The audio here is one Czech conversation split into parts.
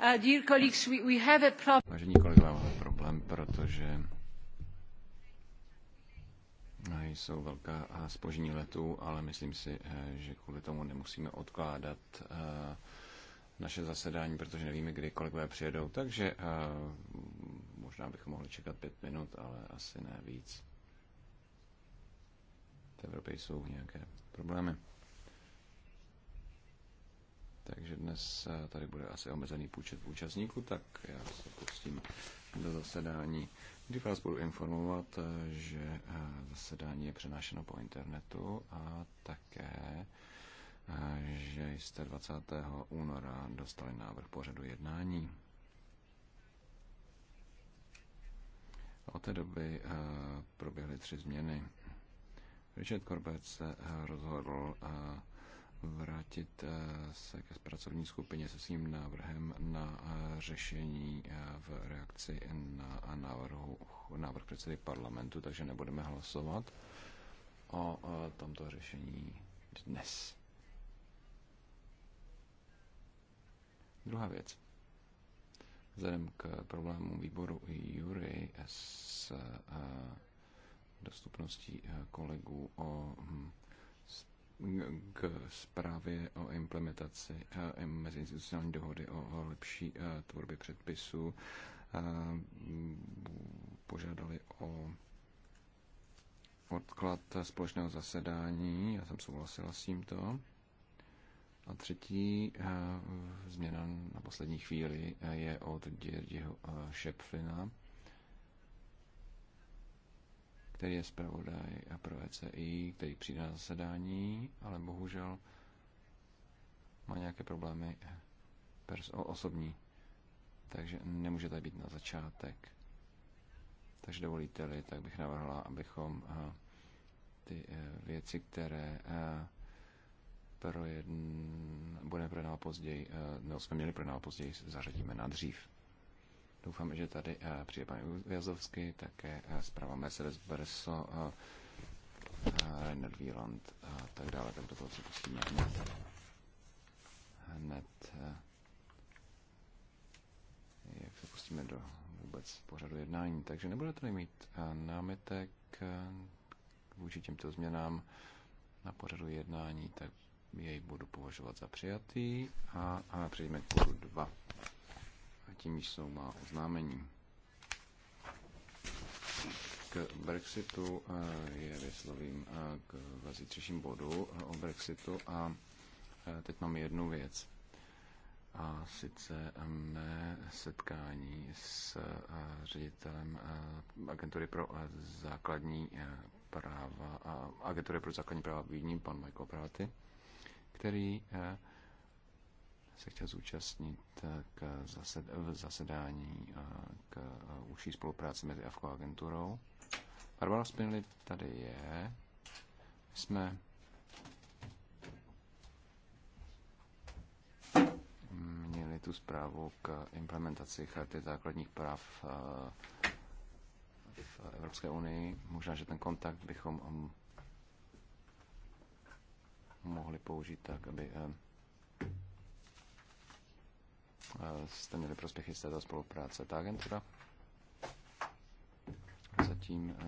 Uh, Vážení kolegové, máme problém, protože jsou velká spožení uh, letů, ale myslím si, uh, že kvůli tomu nemusíme odkládat naše zasedání, protože nevíme, kdy kolegové přijedou, takže možná bychom mohli čekat pět minut, ale asi ne víc v Evropě jsou nějaké problémy. Takže dnes eh, tady bude asi omezený počet účastníků, tak já se pustím do zasedání, kdy vás budu informovat, eh, že eh, zasedání je přenášeno po internetu a také, že jste 20. února dostali návrh pořadu jednání. Od té doby proběhly tři změny. Richard Corbett se eh, rozhodl eh, vrátit eh, se ke pracovní skupině se svým návrhem na řešení v reakci na návrhu, návrh předsedy parlamentu, takže nebudeme hlasovat o tomto řešení dnes. Druhá věc. Vzhledem k problému výboru Jury s dostupností eh, kolegů o, hm, k zprávě o implementaci eh, meziinstitucionální dohody o lepší eh, tvorbě předpisů. Požádali o odklad společného zasedání, já jsem souhlasila s tímto. A třetí změna na poslední chvíli je od Dirdiho Šepflina který je zpravodaj a pro ECI, který přijde na zasedání, ale bohužel má nějaké problémy pers- osobní, takže nemůže tady být na začátek. Takže dovolíte-li, tak bych navrhla, abychom eh, ty eh, věci, které eh, projedn... budeme projednávat později, nebo jsme měli projednávat později, zařadíme na dřív. Doufám, že tady eh, přijde pan Jazovský, také eh, zprava Mercedes Berso, eh, Rainer Wieland a tak dále, tak do toho se pustíme hned. Hned jak se pustíme do vůbec pořadu jednání. Takže nebudete mít námitek vůči těmto změnám na pořadu jednání, tak jej budu považovat za přijatý a, a přejdeme k bodu 2 tím jsou má oznámení. K Brexitu eh, je vyslovím eh, k zítřejším bodu eh, o Brexitu a teď mám jednu věc. A sice mé setkání s ředitelem agentury pro základní práva a agentury pro základní práva v Vídni, pan Michael Práty, který se chtěl zúčastnit k zased, v zasedání k užší spolupráci mezi AFKO a agenturou. Barbara Spinelli tady je. My jsme měli tu zprávu k implementaci charty základních práv eh, v Evropské unii. Možná, že ten kontakt bychom eh, mohli použít tak, aby eh, jste měli prospěchy z této spolupráce. Ta agentura zatím eh,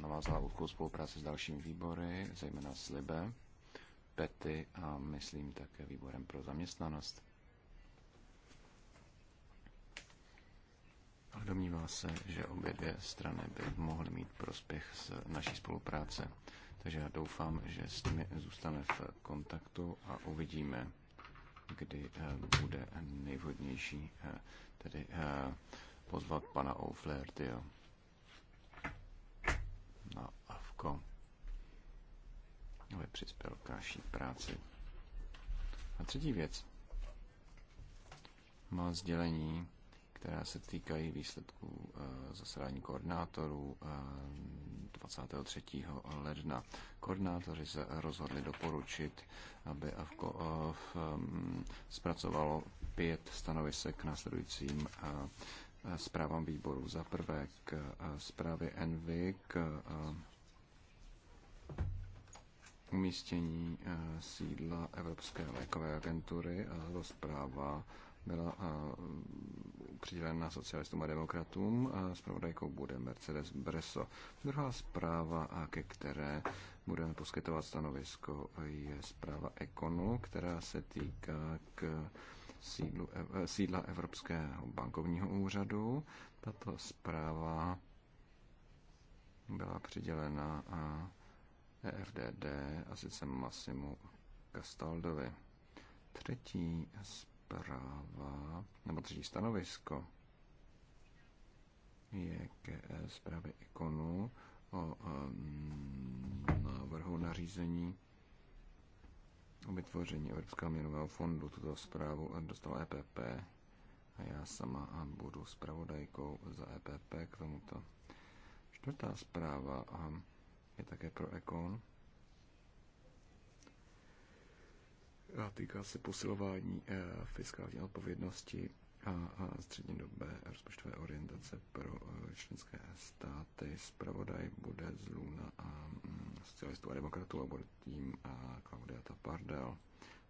navázala úzkou spolupráci s dalšími výbory, zejména s Libe, Pety a myslím také výborem pro zaměstnanost. domnívá se, že obě dvě strany by mohly mít prospěch z naší spolupráce. Takže já doufám, že s nimi zůstane v kontaktu a uvidíme, kdy eh, bude nejvhodnější eh, tedy eh, pozvat pana O'Flahertyho na AFKO, aby přispěl k naší práci. A třetí věc má sdělení která se týkají výsledků eh, zasedání koordinátorů 23. Eh, ledna. Koordinátoři se rozhodli doporučit, aby AVKO eh, mm, zpracovalo pět stanovisek k následujícím zprávám výboru. Za prvé k zprávě ENVY, k umístění sídla Evropské lékové agentury a to zpráva byla eh, přidělena socialistům a demokratům. zpravodajkou bude Mercedes Breso. Druhá zpráva, ke které budeme poskytovat stanovisko, je zpráva Ekonu, která se týká k sídlu, e- eh, sídla Evropského bankovního úřadu. Tato zpráva byla přidělena EFDD a sice Massimu Castaldovi. Třetí zpráva zpráva, nebo třetí stanovisko je ke eh, zprávě ikonu o eh, návrhu nařízení o vytvoření Evropského měnového fondu. Tuto zprávu dostal EPP a já sama budu zpravodajkou za EPP k tomuto. Čtvrtá zpráva eh, je také pro Ekon a týká se posilování eh, fiskální odpovědnosti a, a střednědobé rozpočtové orientace pro eh, členské státy. Spravodaj bude z Luna a mm, socialistů a demokratů a bude tím a eh, Claudia Tapardel.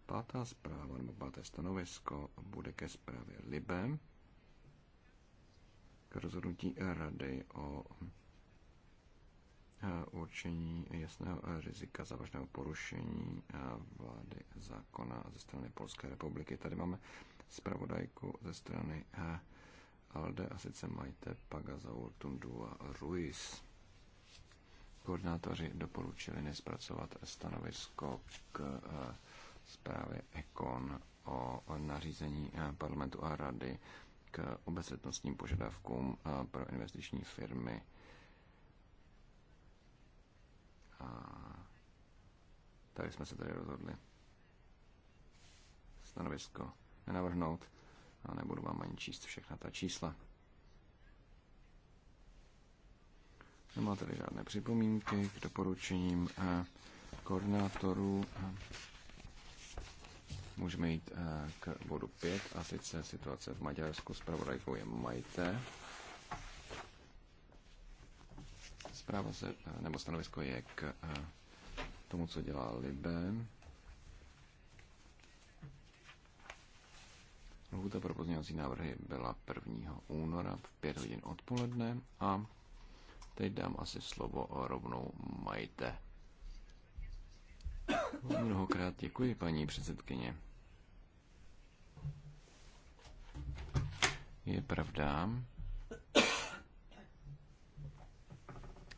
Pátá zpráva nebo páté stanovisko bude ke zprávě Libem k rozhodnutí Rady o určení jasného rizika vážného porušení vlády zákona ze strany Polské republiky. Tady máme zpravodajku ze strany ALDE a sice Majte Pagazaur Tundua Ruiz. Koordinátoři doporučili nespracovat stanovisko k zprávě Ekon o nařízení parlamentu a rady k obecnostním požadavkům pro investiční firmy a tady jsme se tady rozhodli stanovisko nenavrhnout a nebudu vám ani číst všechna ta čísla. Nemá tady žádné připomínky k doporučením eh, koordinátorů. Můžeme jít eh, k bodu 5 a sice situace v Maďarsku. pravodajkou je Majte. Zpráva se, nebo stanovisko je k eh, tomu, co dělá Libe. Lhůta pro pozměňovací návrhy byla 1. února v 5 hodin odpoledne a teď dám asi slovo rovnou majte. Mnohokrát děkuji, paní předsedkyně. Je pravda,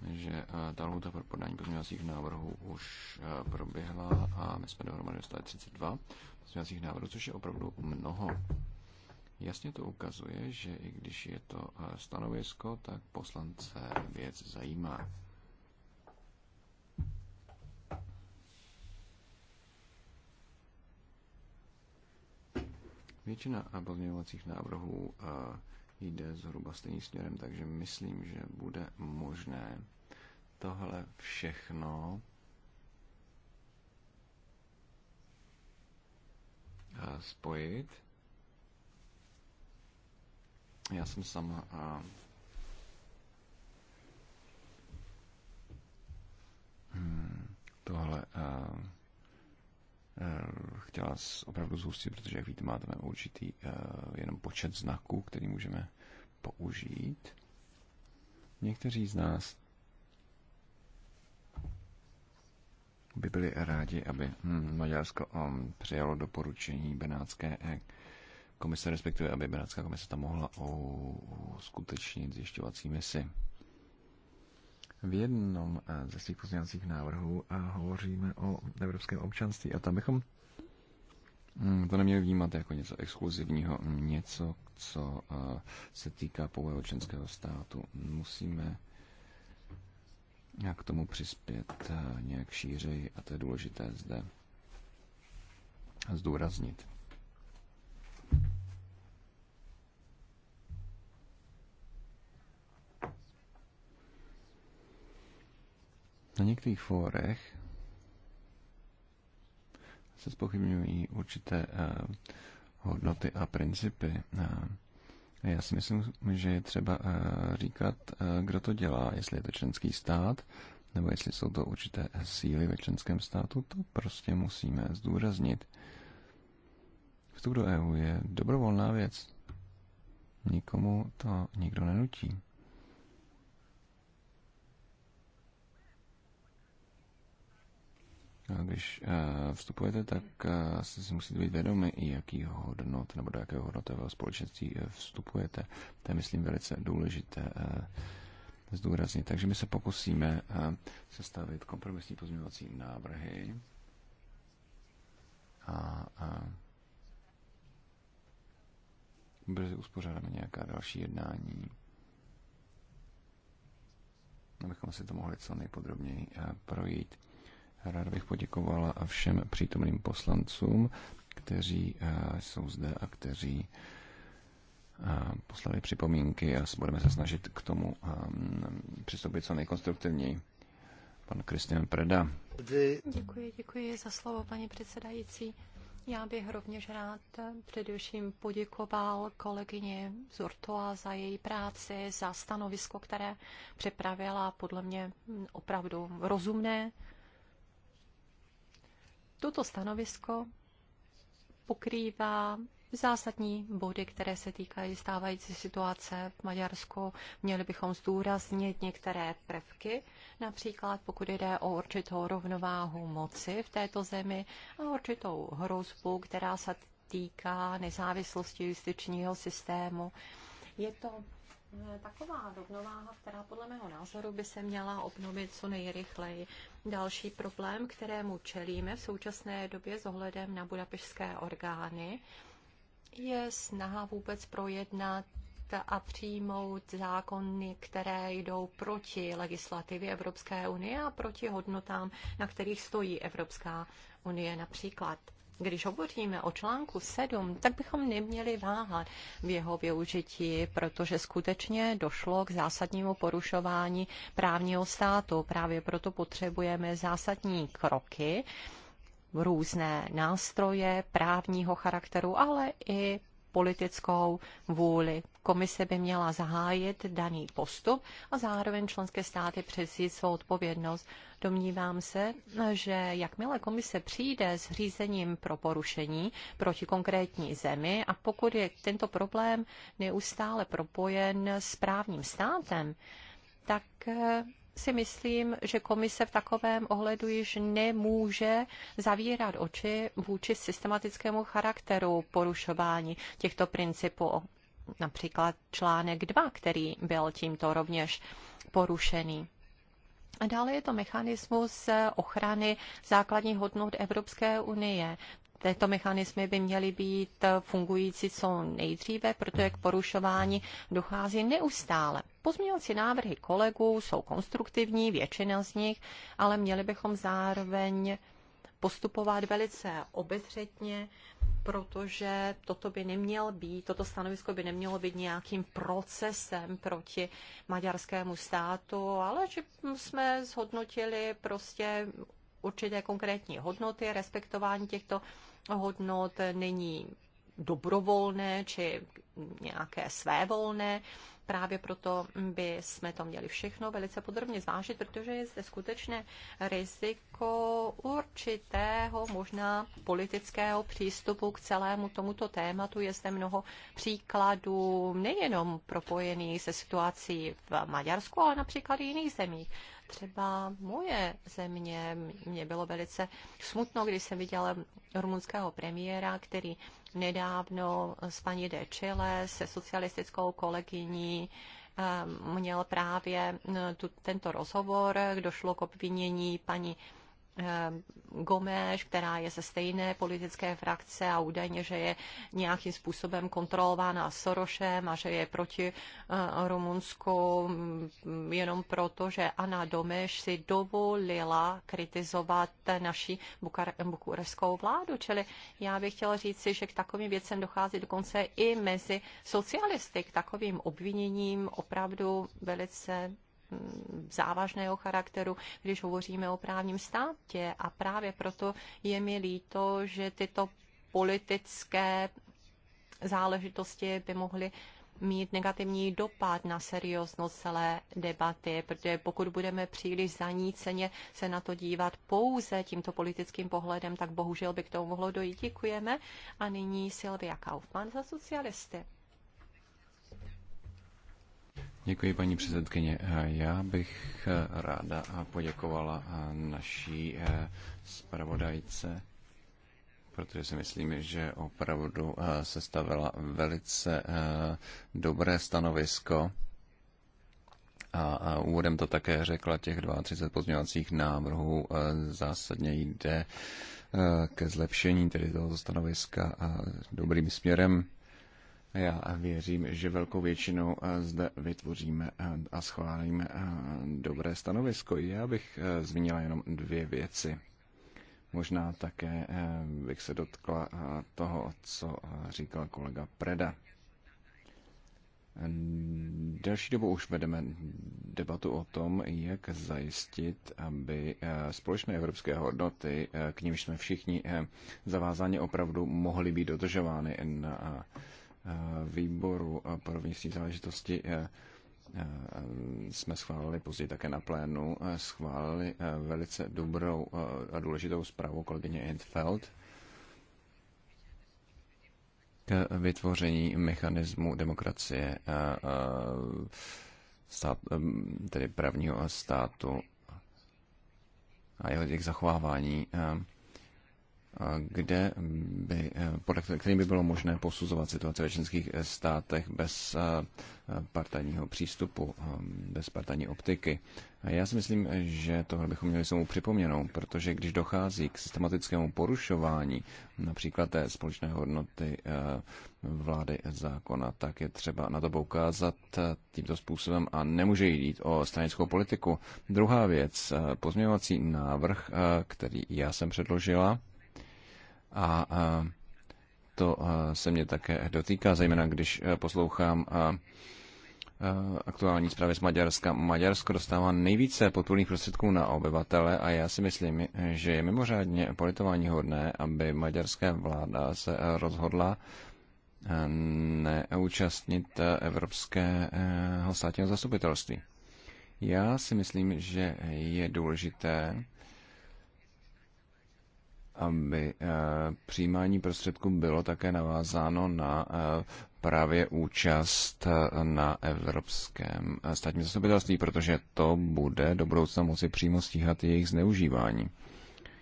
že eh, ta lhuta pro podání pozměňovacích návrhů už eh, proběhla a my jsme dohromady dostali 32 pozměňovacích návrhů, což je opravdu mnoho. Jasně to ukazuje, že i když je to eh, stanovisko, tak poslance věc zajímá. Většina pozměňovacích návrhů jde zhruba stejným směrem, takže myslím, že bude možné tohle všechno spojit. Já jsem sama a hmm, tohle Eh, chtěla opravdu zhustit, protože jak víte, máme určitý eh, jenom počet znaků, který můžeme použít. Někteří z nás by byli rádi, aby hm, Maďarsko um, přijalo doporučení Benátské eh, komise, respektive aby Benátská komise tam mohla uskutečnit zjišťovací misi. V jednom eh, ze svých pozměňovacích návrhů a eh, hovoříme o evropském občanství a tam bychom mm, to neměli vnímat jako něco exkluzivního, něco, co eh, se týká pouhého členského státu. Musíme k tomu přispět nějak šířej a to je důležité zde zdůraznit. Na některých fórech se spochybňují určité uh, hodnoty a principy. Uh, já si myslím, že je třeba uh, říkat, uh, kdo to dělá, jestli je to členský stát, nebo jestli jsou to určité síly ve členském státu, to prostě musíme zdůraznit. Vstup do EU je dobrovolná věc. Nikomu to nikdo nenutí. když eh, vstupujete, tak eh, si musíte být vědomi, jaký hodnot nebo do jakého hodnotového společenství eh, vstupujete. To je, myslím, velice důležité zdůraznit. Takže my se pokusíme sestavit kompromisní pozměňovací návrhy a, a brzy uspořádáme nějaká další jednání, abychom si to mohli co nejpodrobněji projít. Rád bych poděkovala a všem přítomným poslancům, kteří eh, jsou zde a kteří eh, poslali připomínky a budeme se snažit k tomu eh, přistoupit co nejkonstruktivněji. Pan Kristian Preda. Děkuji, děkuji za slovo, paní předsedající. Já bych rovněž rád především poděkoval kolegyně Zortoa za její práci, za stanovisko, které připravila podle mě mm, opravdu rozumné, Toto stanovisko pokrývá zásadní body, které se týkají stávající situace v Maďarsku. Měli bychom zdůraznit některé prvky, například pokud jde o určitou rovnováhu moci v této zemi a určitou hrozbu, která se týká nezávislosti justičního systému. Je to Eh, taková rovnováha, která podle mého názoru by se měla obnovit co nejrychleji. Další problém, kterému čelíme v současné době s ohledem na budapešské orgány, je snaha vůbec projednat a přijmout zákony, které jdou proti legislativě Evropské unie a proti hodnotám, na kterých stojí Evropská unie například když hovoříme o článku 7, tak bychom neměli váhat v jeho využití, protože skutečně došlo k zásadnímu porušování právního státu. Právě proto potřebujeme zásadní kroky, různé nástroje právního charakteru, ale i politickou vůli. Komise by měla zahájit daný postup a zároveň členské státy přesít svou odpovědnost. Domnívám se, že jakmile komise přijde s řízením pro porušení proti konkrétní zemi a pokud je tento problém neustále propojen s právním státem, tak si myslím, že komise v takovém ohledu již nemůže zavírat oči vůči systematickému charakteru porušování těchto principů. Například článek 2, který byl tímto rovněž porušený. A dále je to mechanismus ochrany základních hodnot Evropské unie tyto mechanismy by měly být fungující co nejdříve, protože k porušování dochází neustále. Pozměňovací návrhy kolegů jsou konstruktivní, většina z nich, ale měli bychom zároveň postupovat velice obezřetně, protože toto by neměl být, toto stanovisko by nemělo být nějakým procesem proti maďarskému státu, ale že jsme zhodnotili prostě určité konkrétní hodnoty, respektování těchto hodnot není dobrovolné či nějaké svévolné. Právě proto by jsme to měli všechno velice podrobně zvážit, protože je zde skutečné riziko určitého možná politického přístupu k celému tomuto tématu. Je zde mnoho příkladů nejenom propojených se situací v Maďarsku, ale například i jiných zemích třeba moje země, mě bylo velice smutno, když jsem viděla rumunského premiéra, který nedávno s paní de Chile, se socialistickou kolegyní, eh, měl právě eh, tu, tento rozhovor, došlo k obvinění paní Eh, Gomeš, která je ze stejné politické frakce a údajně, že je nějakým způsobem kontrolována Sorošem a že je proti eh, Rumunsku mm, jenom proto, že Ana Domeš si dovolila kritizovat naši bukureskou vládu. Čili já bych chtěla si, že k takovým věcem dochází dokonce i mezi socialisty, k takovým obviněním opravdu velice závažného charakteru, když hovoříme o právním státě. A právě proto je mi líto, že tyto politické záležitosti by mohly mít negativní dopad na serióznost celé debaty, protože pokud budeme příliš zaníceně se na to dívat pouze tímto politickým pohledem, tak bohužel by k tomu mohlo dojít. Děkujeme. A nyní Silvia Kaufmann za socialisty. Děkuji, paní předsedkyně. Eh, Já bych eh, ráda eh, poděkovala naší zpravodajce, protože si myslím, že opravdu se stavila velice dobré stanovisko. A úvodem to také řekla, těch 32 pozměňovacích návrhů zásadně jde ke zlepšení tedy toho stanoviska a dobrým směrem. Já věřím, že velkou většinou eh, zde vytvoříme eh, a schválíme eh, dobré stanovisko. Já bych zmínila jenom dvě věci. Možná také bych se dotkla toho, co říkal kolega Preda. Další dobu už vedeme debatu o tom, jak zajistit, aby společné evropské hodnoty, k nimž jsme všichni zavázáni, opravdu mohly být dodržovány na Eh, výboru pro vnitřní záležitosti eh, eh, jsme schválili později také na plénu, schválili velice dobrou a důležitou zprávu kolegyně Edfeld k vytvoření mechanismu demokracie, stát, tedy právního státu a jeho zachovávání kde by, eh, podle kterým by bylo možné posuzovat situaci ve členských eh, státech bez eh, partajního přístupu, bez partajní optiky. já si myslím, že tohle bychom měli samou připomněnou, protože když dochází k systematickému porušování například té společné hodnoty vlády zákona, tak je třeba na to poukázat tímto způsobem a nemůže jít o stranickou politiku. Druhá věc, pozměňovací návrh, který já jsem předložila, a to se mě také dotýká, zejména když e, poslouchám aktuální zprávy z Maďarska. Maďarsko dostává nejvíce podpůrných prostředků na obyvatele a já si myslím, že je mimořádně politování hodné, aby maďarská vláda se rozhodla e, neúčastnit e, Evropského státního zastupitelství. Já si myslím, že je důležité, aby eh, přijímání prostředků bylo také navázáno na eh, právě účast eh, na Evropském státním zastupitelství, protože to bude do budoucna moci přímo stíhat jejich zneužívání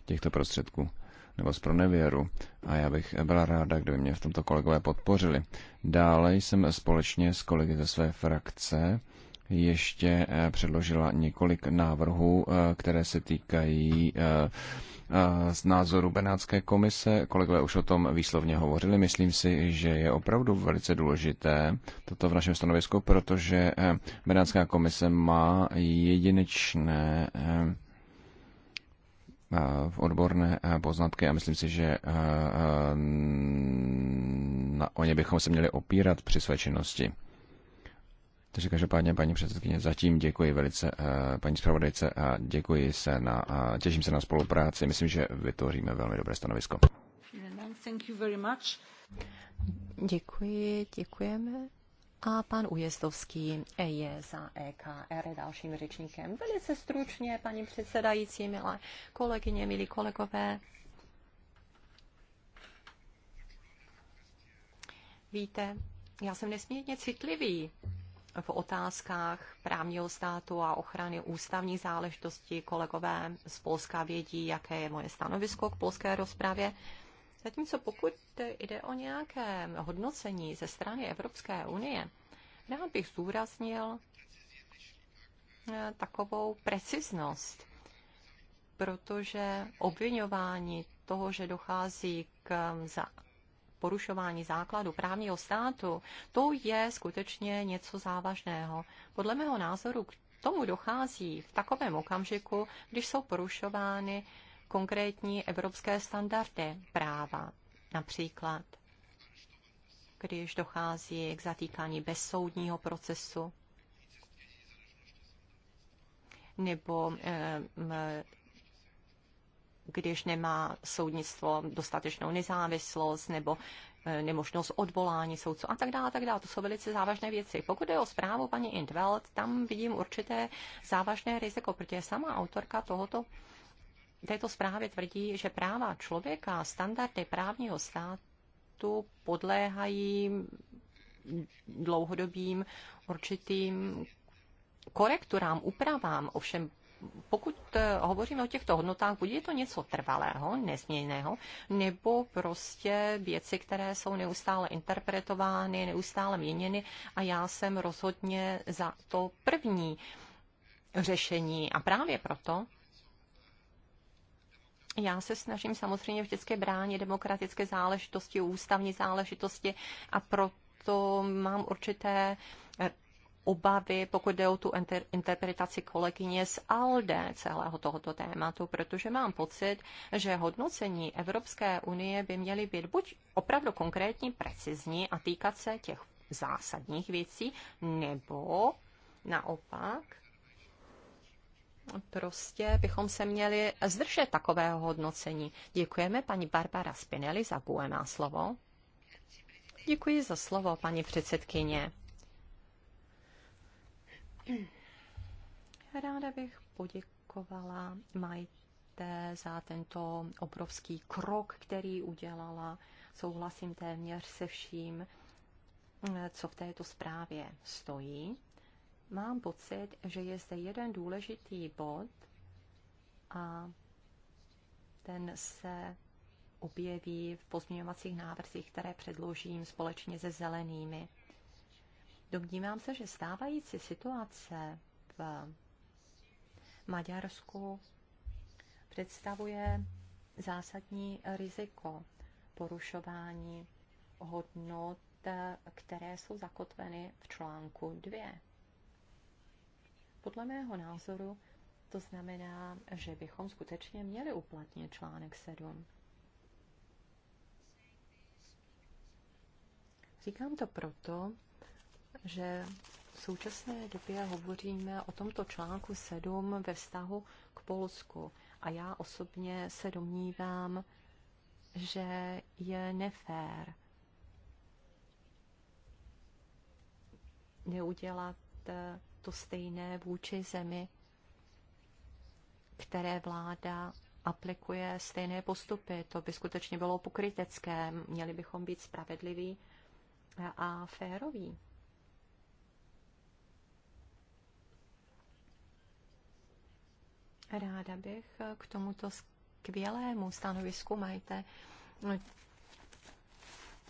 těchto prostředků nebo z pronevěru. A já bych byla ráda, kdyby mě v tomto kolegové podpořili. Dále jsem společně s kolegy ze své frakce ještě předložila několik návrhů, které se týkají z názoru Benátské komise. Kolegové už o tom výslovně hovořili. Myslím si, že je opravdu velice důležité toto v našem stanovisku, protože eh, Benátská komise má jedinečné eh, eh, odborné poznatky a myslím si, že na, o ně bychom se měli opírat při své činnosti. Takže každopádně, paní předsedkyně, zatím děkuji velice eh, paní zpravodajce a děkuji se na, a těším se na spolupráci. Myslím, že vytvoříme velmi dobré stanovisko. Děkuji, děkujeme. A pan Ujezdovský je za EKR dalším řečníkem. Velice stručně, paní předsedající, milé kolegyně, milí kolegové. Víte, já jsem nesmírně citlivý v otázkách právního státu a ochrany ústavní záležitosti. Kolegové z Polska vědí, jaké je moje stanovisko k polské rozpravě. Zatímco pokud jde o nějaké hodnocení ze strany Evropské unie, rád bych zdůraznil eh, takovou preciznost, protože obvinování toho, že dochází k porušování základu právního státu, to je skutečně něco závažného. Podle mého názoru k tomu dochází v takovém okamžiku, když jsou porušovány konkrétní evropské standardy práva. Například, když dochází k zatýkání bezsoudního procesu nebo eh, když nemá soudnictvo dostatečnou nezávislost nebo e, nemožnost odvolání soudců a tak dále, tak dále. To jsou velice závažné věci. Pokud je o zprávu paní Intveld, tam vidím určité závažné riziko, protože sama autorka tohoto této zprávy tvrdí, že práva člověka a standardy právního státu podléhají dlouhodobým určitým korekturám, úpravám, ovšem pokud eh, hovoříme o těchto hodnotách, buď je to něco trvalého, nezměněného, nebo prostě věci, které jsou neustále interpretovány, neustále měněny a já jsem rozhodně za to první řešení. A právě proto já se snažím samozřejmě vždycky bránit demokratické záležitosti, ústavní záležitosti a proto mám určité uh, obavy, pokud jde o tu inter- interpretaci kolegyně z ALDE celého tohoto tématu, protože mám pocit, že hodnocení Evropské unie by měly být buď opravdu konkrétní, precizní a týkat se těch zásadních věcí, nebo naopak prostě bychom se měli zdržet takového hodnocení. Děkujeme paní Barbara Spinelli za GUE slovo. Děkuji za slovo, paní předsedkyně. Ráda bych poděkovala Majte za tento obrovský krok, který udělala. Souhlasím téměř se vším, co v této zprávě stojí. Mám pocit, že je zde jeden důležitý bod a ten se objeví v pozměňovacích návrzích, které předložím společně se zelenými. Domnívám se, že stávající situace v Maďarsku představuje zásadní riziko porušování hodnot, které jsou zakotveny v článku 2. Podle mého názoru to znamená, že bychom skutečně měli uplatnit článek 7. Říkám to proto, že v současné době hovoříme o tomto článku 7 ve vztahu k Polsku. A já osobně se domnívám, že je nefér neudělat eh, to stejné vůči zemi, které vláda aplikuje stejné postupy. To by skutečně bylo pokrytecké. Měli bychom být spravedliví a féroví. Ráda bych eh, k tomuto skvělému stanovisku majte eh,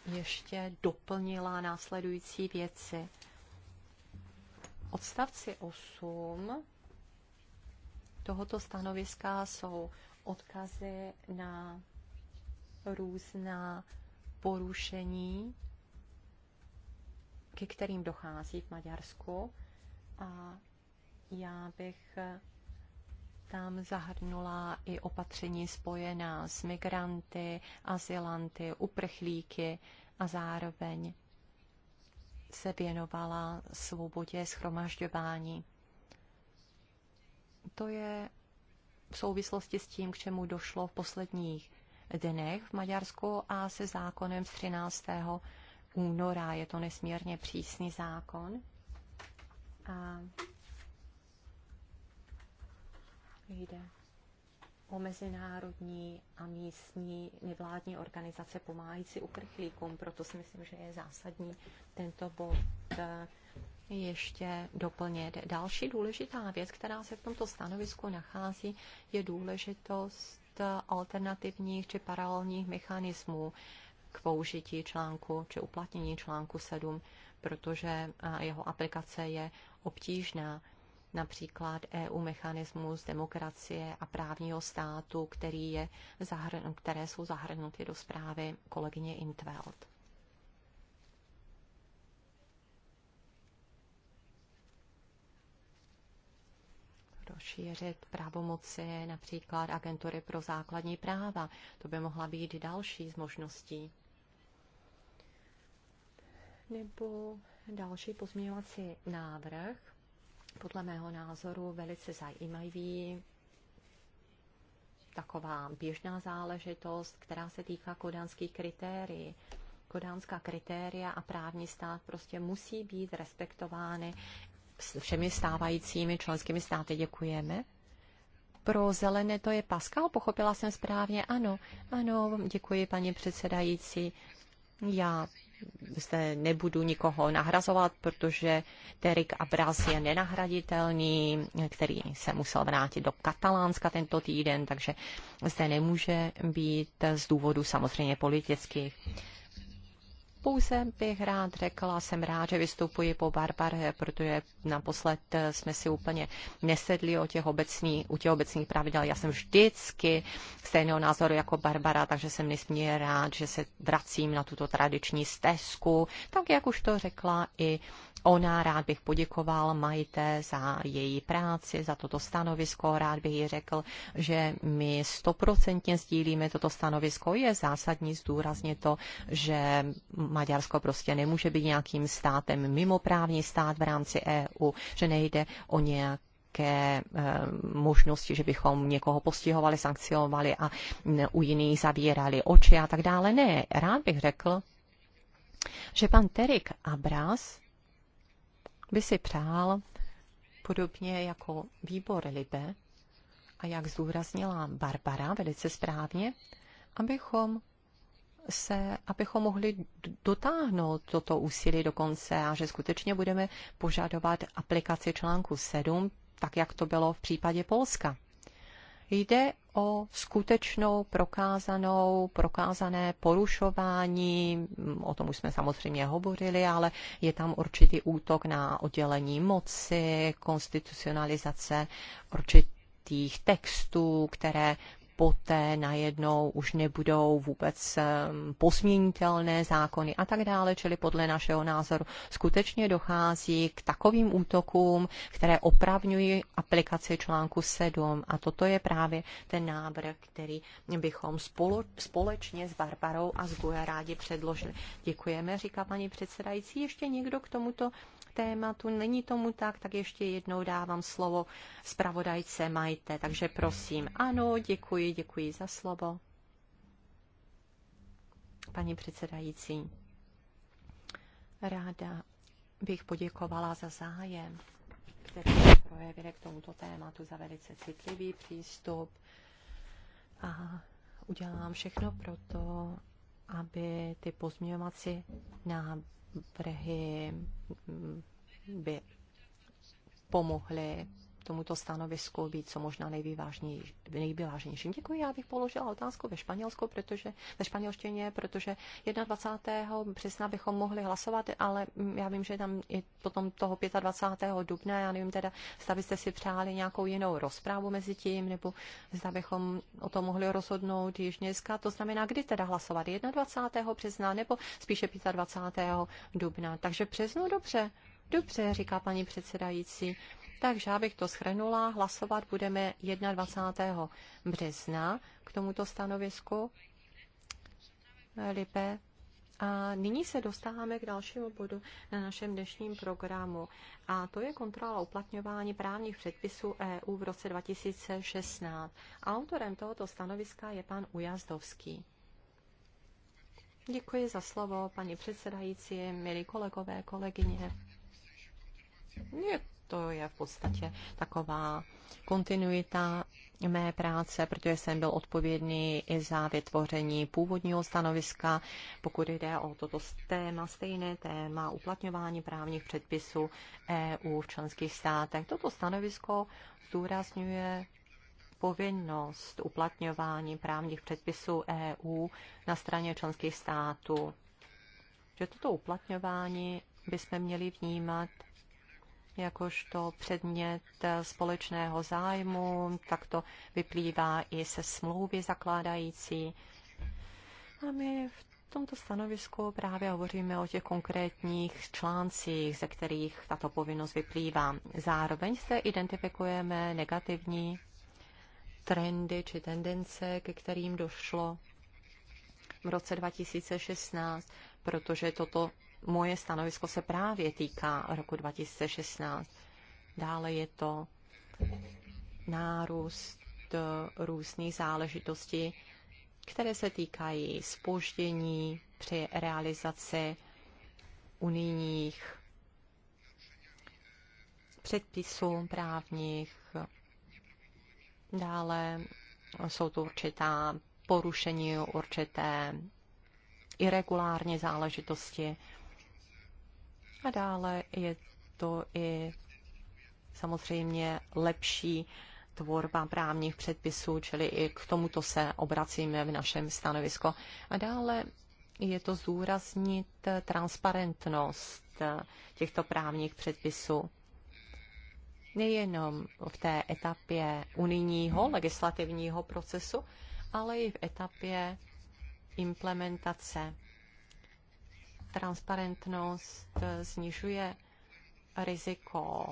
ještě doplnila následující věci. Odstavci 8 tohoto stanoviska jsou odkazy na různá porušení, ke kterým dochází v Maďarsku. A já bych eh, tam zahrnula i opatření spojená s migranty, azylanty, uprchlíky a zároveň se věnovala svobodě schromažďování. To je v souvislosti s tím, k čemu došlo v posledních dnech v Maďarsku a se zákonem z 13. února. Je to nesmírně přísný zákon. A Jde o mezinárodní a místní nevládní organizace pomáhající uprchlíkům, proto si myslím, že je zásadní tento bod eh, ještě doplnit. Další důležitá věc, která se v tomto stanovisku nachází, je důležitost eh, alternativních či paralelních mechanismů k použití článku či uplatnění článku 7, protože eh, jeho aplikace je obtížná například EU mechanismus demokracie a právního státu, který je zahrn, které jsou zahrnuty do zprávy kolegyně Intveld. rozšířit pravomoci například agentury pro základní práva. To by mohla být další z možností. Nebo další pozměňovací návrh podle mého názoru velice zajímavý, taková běžná záležitost, která se týká kodánských kritérií. Kodánská kritéria a právní stát prostě musí být respektovány s všemi stávajícími členskými státy. Děkujeme. Pro zelené to je Pascal, pochopila jsem správně. Ano, ano, děkuji paní předsedající. Já zde nebudu nikoho nahrazovat, protože Derek Abraz je nenahraditelný, který se musel vrátit do Katalánska tento týden, takže zde nemůže být z důvodu samozřejmě politických. Pouze bych rád řekla, jsem rád, že vystupuji po Barbare, protože naposled eh, jsme si úplně nesedli o těch obecní, u těch obecných pravidel. Já jsem vždycky stejného názoru jako Barbara, takže jsem nesmírně rád, že se vracím na tuto tradiční stezku, tak jak už to řekla i ona. Rád bych poděkoval majité za její práci, za toto stanovisko. Rád bych jí řekl, že my stoprocentně sdílíme toto stanovisko. Je zásadní zdůrazně to, že Maďarsko prostě nemůže být nějakým státem mimo právní stát v rámci EU, že nejde o nějak nějaké eh, možnosti, že bychom někoho postihovali, sankcionovali a u jiných zavírali oči a tak dále. Ne, rád bych řekl, že pan Terik Abras by si přál, podobně jako výbor Libe, a jak zdůraznila Barbara velice správně, abychom se, abychom mohli dotáhnout toto úsilí do konce a že skutečně budeme požadovat aplikaci článku 7, tak jak to bylo v případě Polska. Jde o skutečnou prokázanou, prokázané porušování, o tom už jsme samozřejmě hovořili, ale je tam určitý útok na oddělení moci, konstitucionalizace určitých textů, které poté najednou už nebudou vůbec posměnitelné zákony a tak dále, čili podle našeho názoru skutečně dochází k takovým útokům, které opravňují aplikaci článku 7 a toto je právě ten návrh, který bychom spolu, společně s Barbarou a s Guja rádi předložili. Děkujeme, říká paní předsedající. Ještě někdo k tomuto tématu. Není tomu tak, tak ještě jednou dávám slovo zpravodajce Majte. Takže prosím, ano, děkuji, děkuji za slovo. Paní předsedající, ráda bych poděkovala za zájem, který projevili k tomuto tématu za velice citlivý přístup a udělám všechno pro to, aby ty pozměňovací návrhy vrhy by pomohly tomuto stanovisku být co možná nejvyváženějším. Děkuji, já bych položila otázku ve španělsku, protože ve španělštině, protože 21. března bychom mohli hlasovat, ale mm, já vím, že tam i potom toho 25. dubna, já nevím teda, zda byste si přáli nějakou jinou rozprávu mezi tím, nebo zda bychom o tom mohli rozhodnout již dneska. To znamená, kdy teda hlasovat? 21. března nebo spíše 25. dubna. Takže březnu dobře. Dobře, říká paní předsedající. Takže abych to schrnula, hlasovat budeme 21. března k tomuto stanovisku. Lipe. A nyní se dostáváme k dalšímu bodu na našem dnešním programu. A to je kontrola uplatňování právních předpisů EU v roce 2016. Autorem tohoto stanoviska je pan Ujazdovský. Děkuji za slovo, paní předsedající, milí kolegové, kolegyně. Je to je v podstatě taková kontinuita mé práce, protože jsem byl odpovědný i za vytvoření původního stanoviska, pokud jde o toto téma, stejné téma uplatňování právních předpisů EU v členských státech. Toto stanovisko zdůrazňuje povinnost uplatňování právních předpisů EU na straně členských států. Že toto uplatňování bychom měli vnímat jakožto předmět eh, společného zájmu, tak to vyplývá i se smlouvy zakládající. A my v v tomto stanovisku právě hovoříme o těch konkrétních článcích, ze kterých tato povinnost vyplývá. Zároveň se identifikujeme negativní trendy či tendence, ke kterým došlo v roce 2016, protože toto moje stanovisko se právě týká roku 2016. Dále je to nárůst e, různých záležitostí, které se týkají spoždění při realizaci unijních předpisů právních. Dále jsou tu určitá porušení, určité irregulární záležitosti a dále je to i samozřejmě lepší tvorba právních předpisů, čili i k tomuto se obracíme v našem stanovisku. A dále je to zúraznit transparentnost těchto právních předpisů. Nejenom v té etapě unijního legislativního procesu, ale i v etapě implementace transparentnost eh, snižuje riziko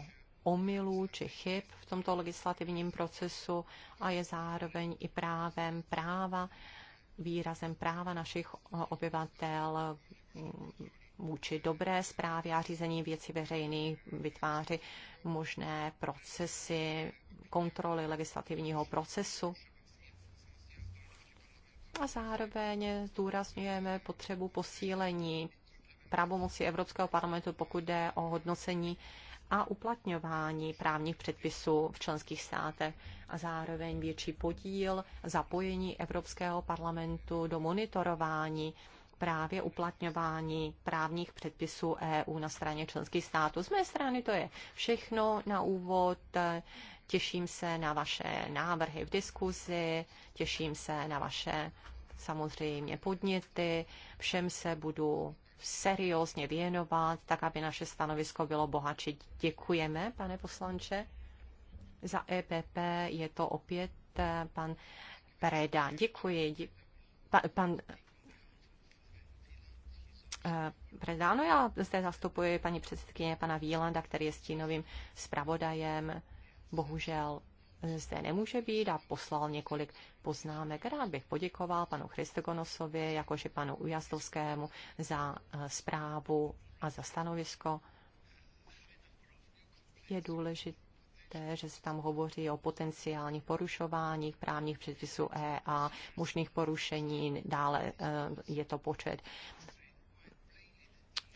omylů či chyb v tomto legislativním procesu a je zároveň i právem práva, výrazem práva našich eh, obyvatel mm, vůči dobré zprávě a řízení věcí veřejných vytváří možné procesy kontroly legislativního procesu. A zároveň zdůrazňujeme potřebu posílení pravomoci Evropského parlamentu, pokud jde o hodnocení a uplatňování právních předpisů v členských státech a zároveň větší podíl zapojení Evropského parlamentu do monitorování právě uplatňování právních předpisů EU na straně členských států. Z mé strany to je všechno na úvod. Těším se na vaše návrhy v diskuzi, těším se na vaše samozřejmě podněty. Všem se budu seriózně věnovat, tak aby naše stanovisko bylo bohatší. Děkujeme, pane poslanče. Za EPP je to opět eh, pan Preda. Děkuji. Dě... Pa, pan no já zde zastupuji paní předsedkyně pana Vílanda, který je stínovým zpravodajem. Bohužel zde nemůže být a poslal několik poznámek. Rád bych poděkoval panu Christogonosovi, jakože panu Ujastovskému za eh, zprávu a za stanovisko. Je důležité, že se tam hovoří o potenciálních porušováních právních předpisů E a možných porušení, dále eh, je to počet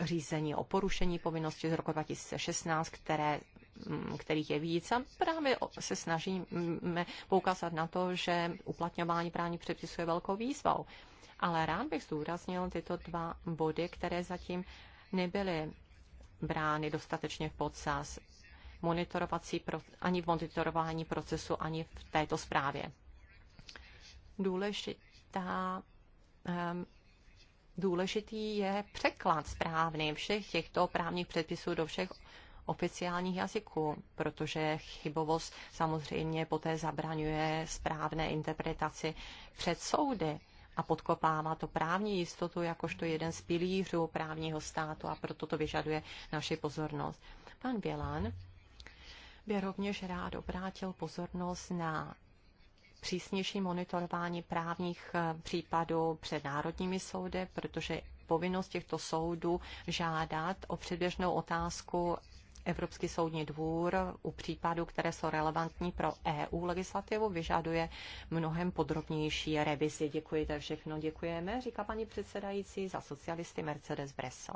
řízení o porušení povinnosti z roku 2016, které Mm, kterých je víc. A právě se snažíme poukázat na to, že uplatňování právní předpisů je velkou výzvou. Ale rád bych zdůraznil tyto dva body, které zatím nebyly brány dostatečně v podsaz monitorovací, ani v monitorování procesu, ani v této zprávě. Důležitá, ehm, důležitý je překlad správný všech těchto právních předpisů do všech oficiálních jazyků, protože chybovost samozřejmě poté zabraňuje správné interpretaci před soudy a podkopává to právní jistotu jakožto jeden z pilířů právního státu a proto to vyžaduje naši pozornost. Pan Bělan by rovněž rád obrátil pozornost na přísnější monitorování právních eh, případů před národními soudy, protože povinnost těchto soudů žádat o předběžnou otázku Evropský soudní dvůr u případů, které jsou relevantní pro EU legislativu, vyžaduje mnohem podrobnější revizi. Děkuji, za všechno děkujeme, říká paní předsedající za socialisty Mercedes Bresso.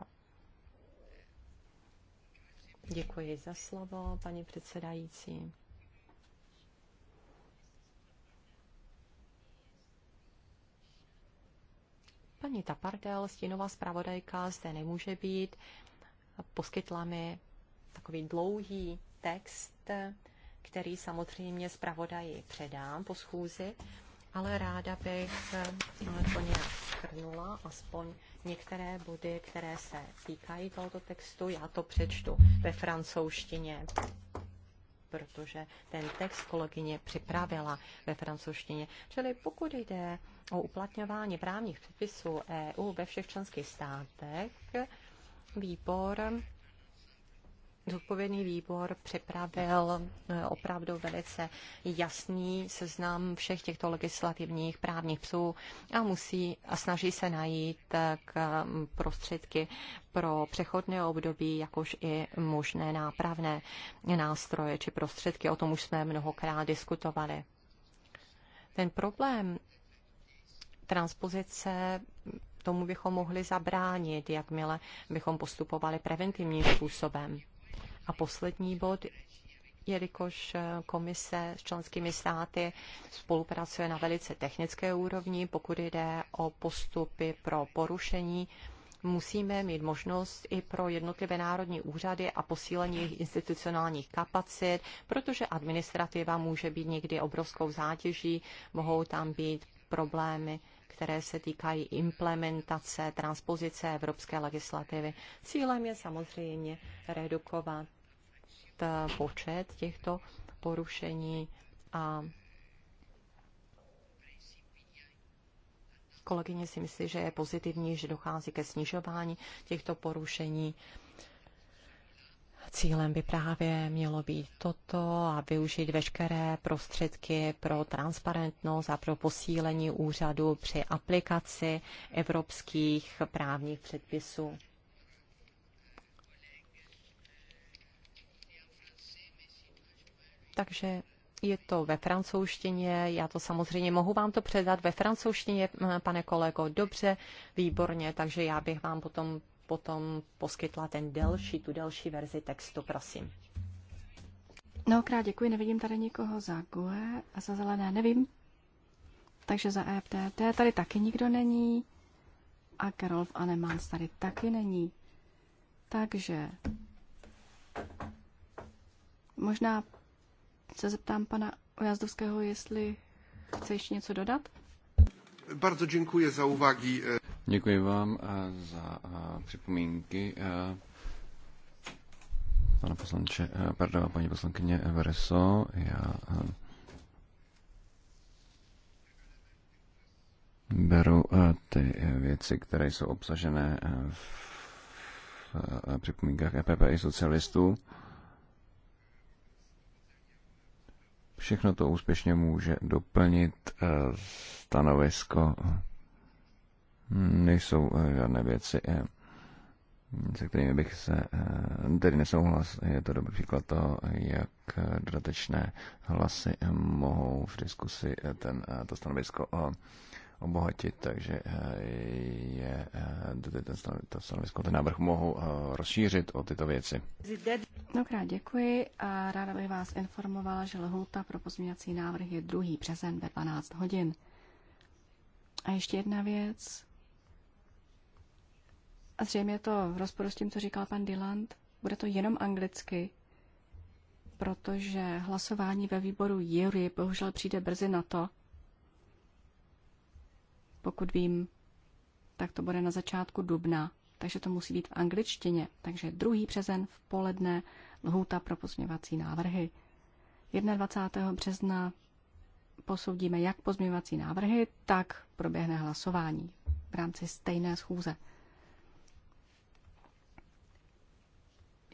Děkuji za slovo, paní předsedající. Paní Tapardel, stínová zpravodajka, zde nemůže být. Poskytla mi takový dlouhý text, který samozřejmě zpravodaji předám po schůzi, ale ráda bych eh, to nějak shrnula, aspoň některé body, které se týkají tohoto textu. Já to přečtu ve francouzštině, protože ten text kolegyně připravila ve francouzštině. Čili pokud jde o uplatňování právních předpisů EU ve všech členských státech, výbor zodpovědný výbor připravil eh, opravdu velice jasný seznam všech těchto legislativních právních psů a musí a snaží se najít tak eh, hm, prostředky pro přechodné období, jakož i možné nápravné nástroje či prostředky. O tom už jsme mnohokrát diskutovali. Ten problém transpozice hm, tomu bychom mohli zabránit, jakmile bychom postupovali preventivním způsobem. A poslední bod, jelikož eh, komise s členskými státy spolupracuje na velice technické úrovni, pokud jde o postupy pro porušení musíme mít možnost i pro jednotlivé národní úřady a posílení jejich institucionálních kapacit, protože administrativa může být někdy obrovskou zátěží, mohou tam být problémy které se týkají implementace, transpozice evropské legislativy. Cílem je samozřejmě redukovat eh, počet těchto porušení a kolegyně si myslí, že je pozitivní, že dochází ke snižování těchto porušení Cílem by právě mělo být toto a využít veškeré prostředky pro transparentnost a pro posílení úřadu při aplikaci evropských právních předpisů. Takže je to ve francouzštině, já to samozřejmě mohu vám to předat ve francouzštině, pane kolego, dobře, výborně, takže já bych vám potom potom poskytla ten delší, tu delší verzi textu, prosím. Mnohokrát děkuji, nevidím tady nikoho za GUE a za zelené nevím. Takže za EFTT tady taky nikdo není a Karolf Anemans tady taky není. Takže možná se zeptám pana Ojazdovského, jestli chce ještě něco dodat. Bardzo dziękuję za uwagi. Děkuji vám eh, za eh, připomínky. Eh, Pane poslanče, pardon, paní poslankyně Evereso, já beru ty věci, které jsou obsažené v připomínkách EPP i socialistů. Všechno to úspěšně může doplnit stanovisko nejsou eh, žádné věci, eh, se kterými bych se eh, tedy nesouhlas. Je to dobrý příklad toho, jak dodatečné hlasy mohou v diskusi ten, to stanovisko obohatit, takže je, ten to stanovisko, ten návrh mohou rozšířit o tyto věci. Dobrá, děkuji a ráda bych vás informovala, že lhůta pro pozměňovací návrh je 2. březen ve 12 hodin. A ještě jedna věc. A zřejmě to v rozporu s tím, co říkal pan Dyland, bude to jenom anglicky, protože hlasování ve výboru Jury bohužel přijde brzy na to. Pokud vím, tak to bude na začátku dubna, takže to musí být v angličtině. Takže druhý březen v poledne lhůta pro pozměvací návrhy. 21. března posoudíme jak pozměvací návrhy, tak proběhne hlasování v rámci stejné schůze.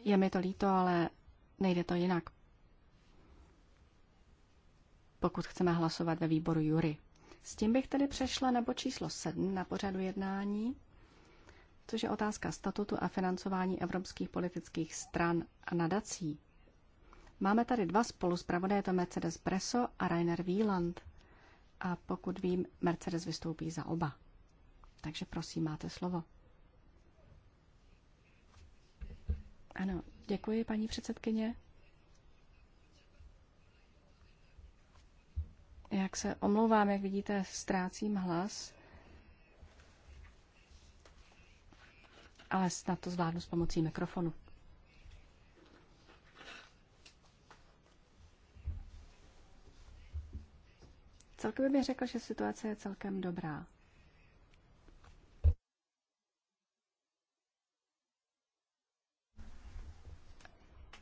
Je mi to líto, ale nejde to jinak. Pokud chceme hlasovat ve výboru Jury. S tím bych tedy přešla na bod číslo 7 na pořadu jednání, což je otázka statutu a financování evropských politických stran a nadací. Máme tady dva spoluzpravodaje, to Mercedes Bresso a Rainer Wieland. A pokud vím, Mercedes vystoupí za oba. Takže prosím, máte slovo. Ano, děkuji, paní předsedkyně. Jak se omlouvám, jak vidíte, ztrácím hlas, ale snad to zvládnu s pomocí mikrofonu. Celkově bych řekl, že situace je celkem dobrá.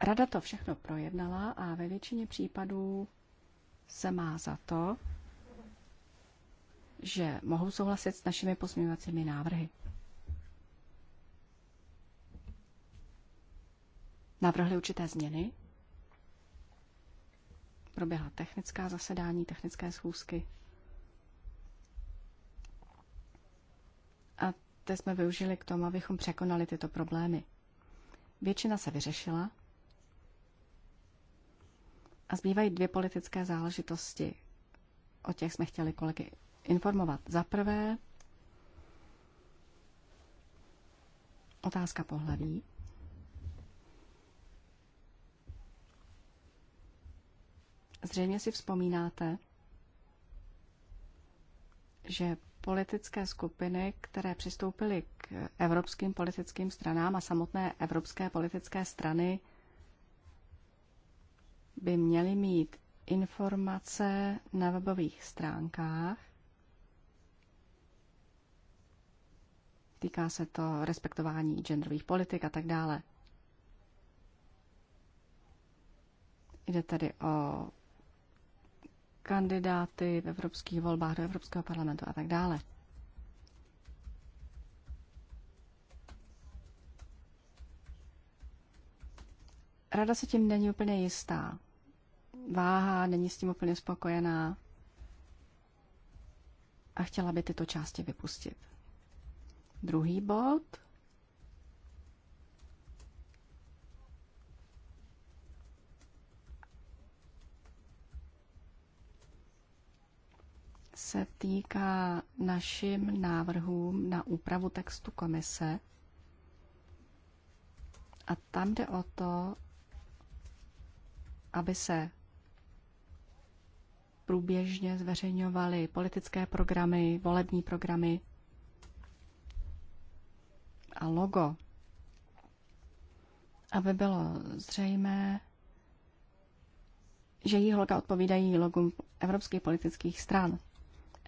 Rada to všechno projednala a ve většině případů se má za to, že mohou souhlasit s našimi pozměňovacími návrhy. Navrhli určité změny. Proběhla technická zasedání, technické schůzky. A teď jsme využili k tomu, abychom překonali tyto problémy. Většina se vyřešila, a zbývají dvě politické záležitosti. O těch jsme chtěli kolegy informovat. Za prvé, otázka pohlaví. Zřejmě si vzpomínáte, že politické skupiny, které přistoupily k evropským politickým stranám a samotné evropské politické strany, by měli mít informace na webových stránkách. Týká se to respektování genderových politik a tak dále. Jde tedy o kandidáty v evropských volbách do Evropského parlamentu a tak dále. Rada se tím není úplně jistá váhá, není s tím úplně spokojená a chtěla by tyto části vypustit. Druhý bod. se týká našim návrhům na úpravu textu komise. A tam jde o to, aby se průběžně zveřejňovali politické programy, volební programy a logo, aby bylo zřejmé, že jejich loga odpovídají logům evropských politických stran.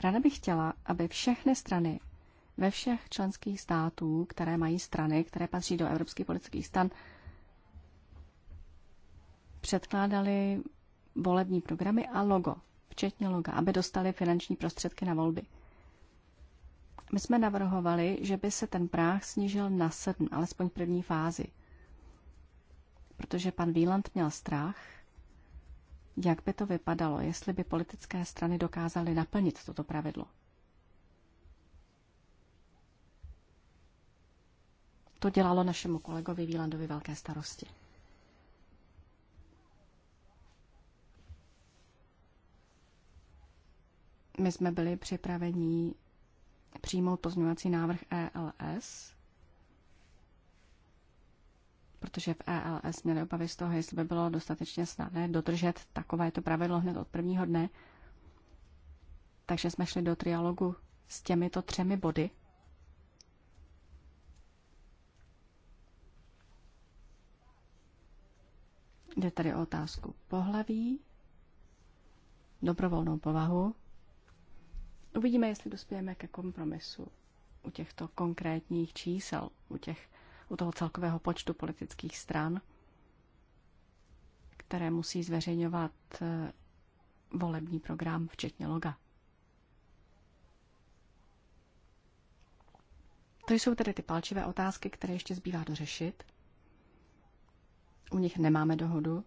Rada bych chtěla, aby všechny strany ve všech členských států, které mají strany, které patří do evropských politických stran, předkládaly volební programy a logo včetně Loga, aby dostali finanční prostředky na volby. My jsme navrhovali, že by se ten práh snížil na sedm, alespoň první fázi. Protože pan Wieland měl strach, jak by to vypadalo, jestli by politické strany dokázaly naplnit toto pravidlo. To dělalo našemu kolegovi Výlandovi velké starosti. My jsme byli připraveni přijmout pozměňovací návrh ELS, protože v ELS měli obavy z toho, jestli by bylo dostatečně snadné dodržet takovéto pravidlo hned od prvního dne. Takže jsme šli do trialogu s těmito třemi body. Jde tady o otázku pohlaví, dobrovolnou povahu Uvidíme, jestli dospějeme ke kompromisu u těchto konkrétních čísel, u, těch, u toho celkového počtu politických stran, které musí zveřejňovat eh, volební program, včetně loga. To jsou tedy ty palčivé otázky, které ještě zbývá dořešit. U nich nemáme dohodu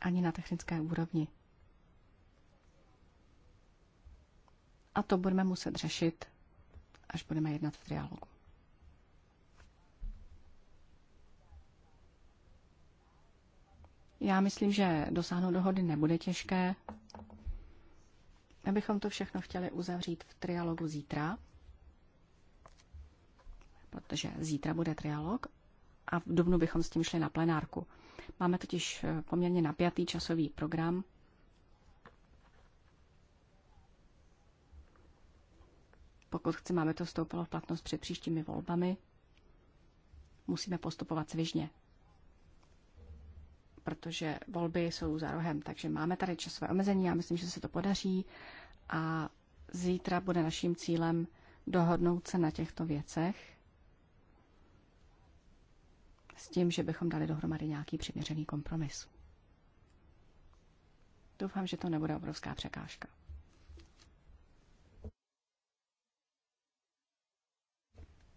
ani na technické úrovni. A to budeme muset řešit, až budeme jednat v trialogu. Já myslím, že dosáhnout dohody nebude těžké. bychom to všechno chtěli uzavřít v trialogu zítra, protože zítra bude trialog a v dubnu bychom s tím šli na plenárku. Máme totiž poměrně napjatý časový program pokud chceme, aby to vstoupilo v platnost před příštími volbami, musíme postupovat svižně. Protože volby jsou za rohem, takže máme tady časové omezení, já myslím, že se to podaří a zítra bude naším cílem dohodnout se na těchto věcech s tím, že bychom dali dohromady nějaký přiměřený kompromis. Doufám, že to nebude obrovská překážka.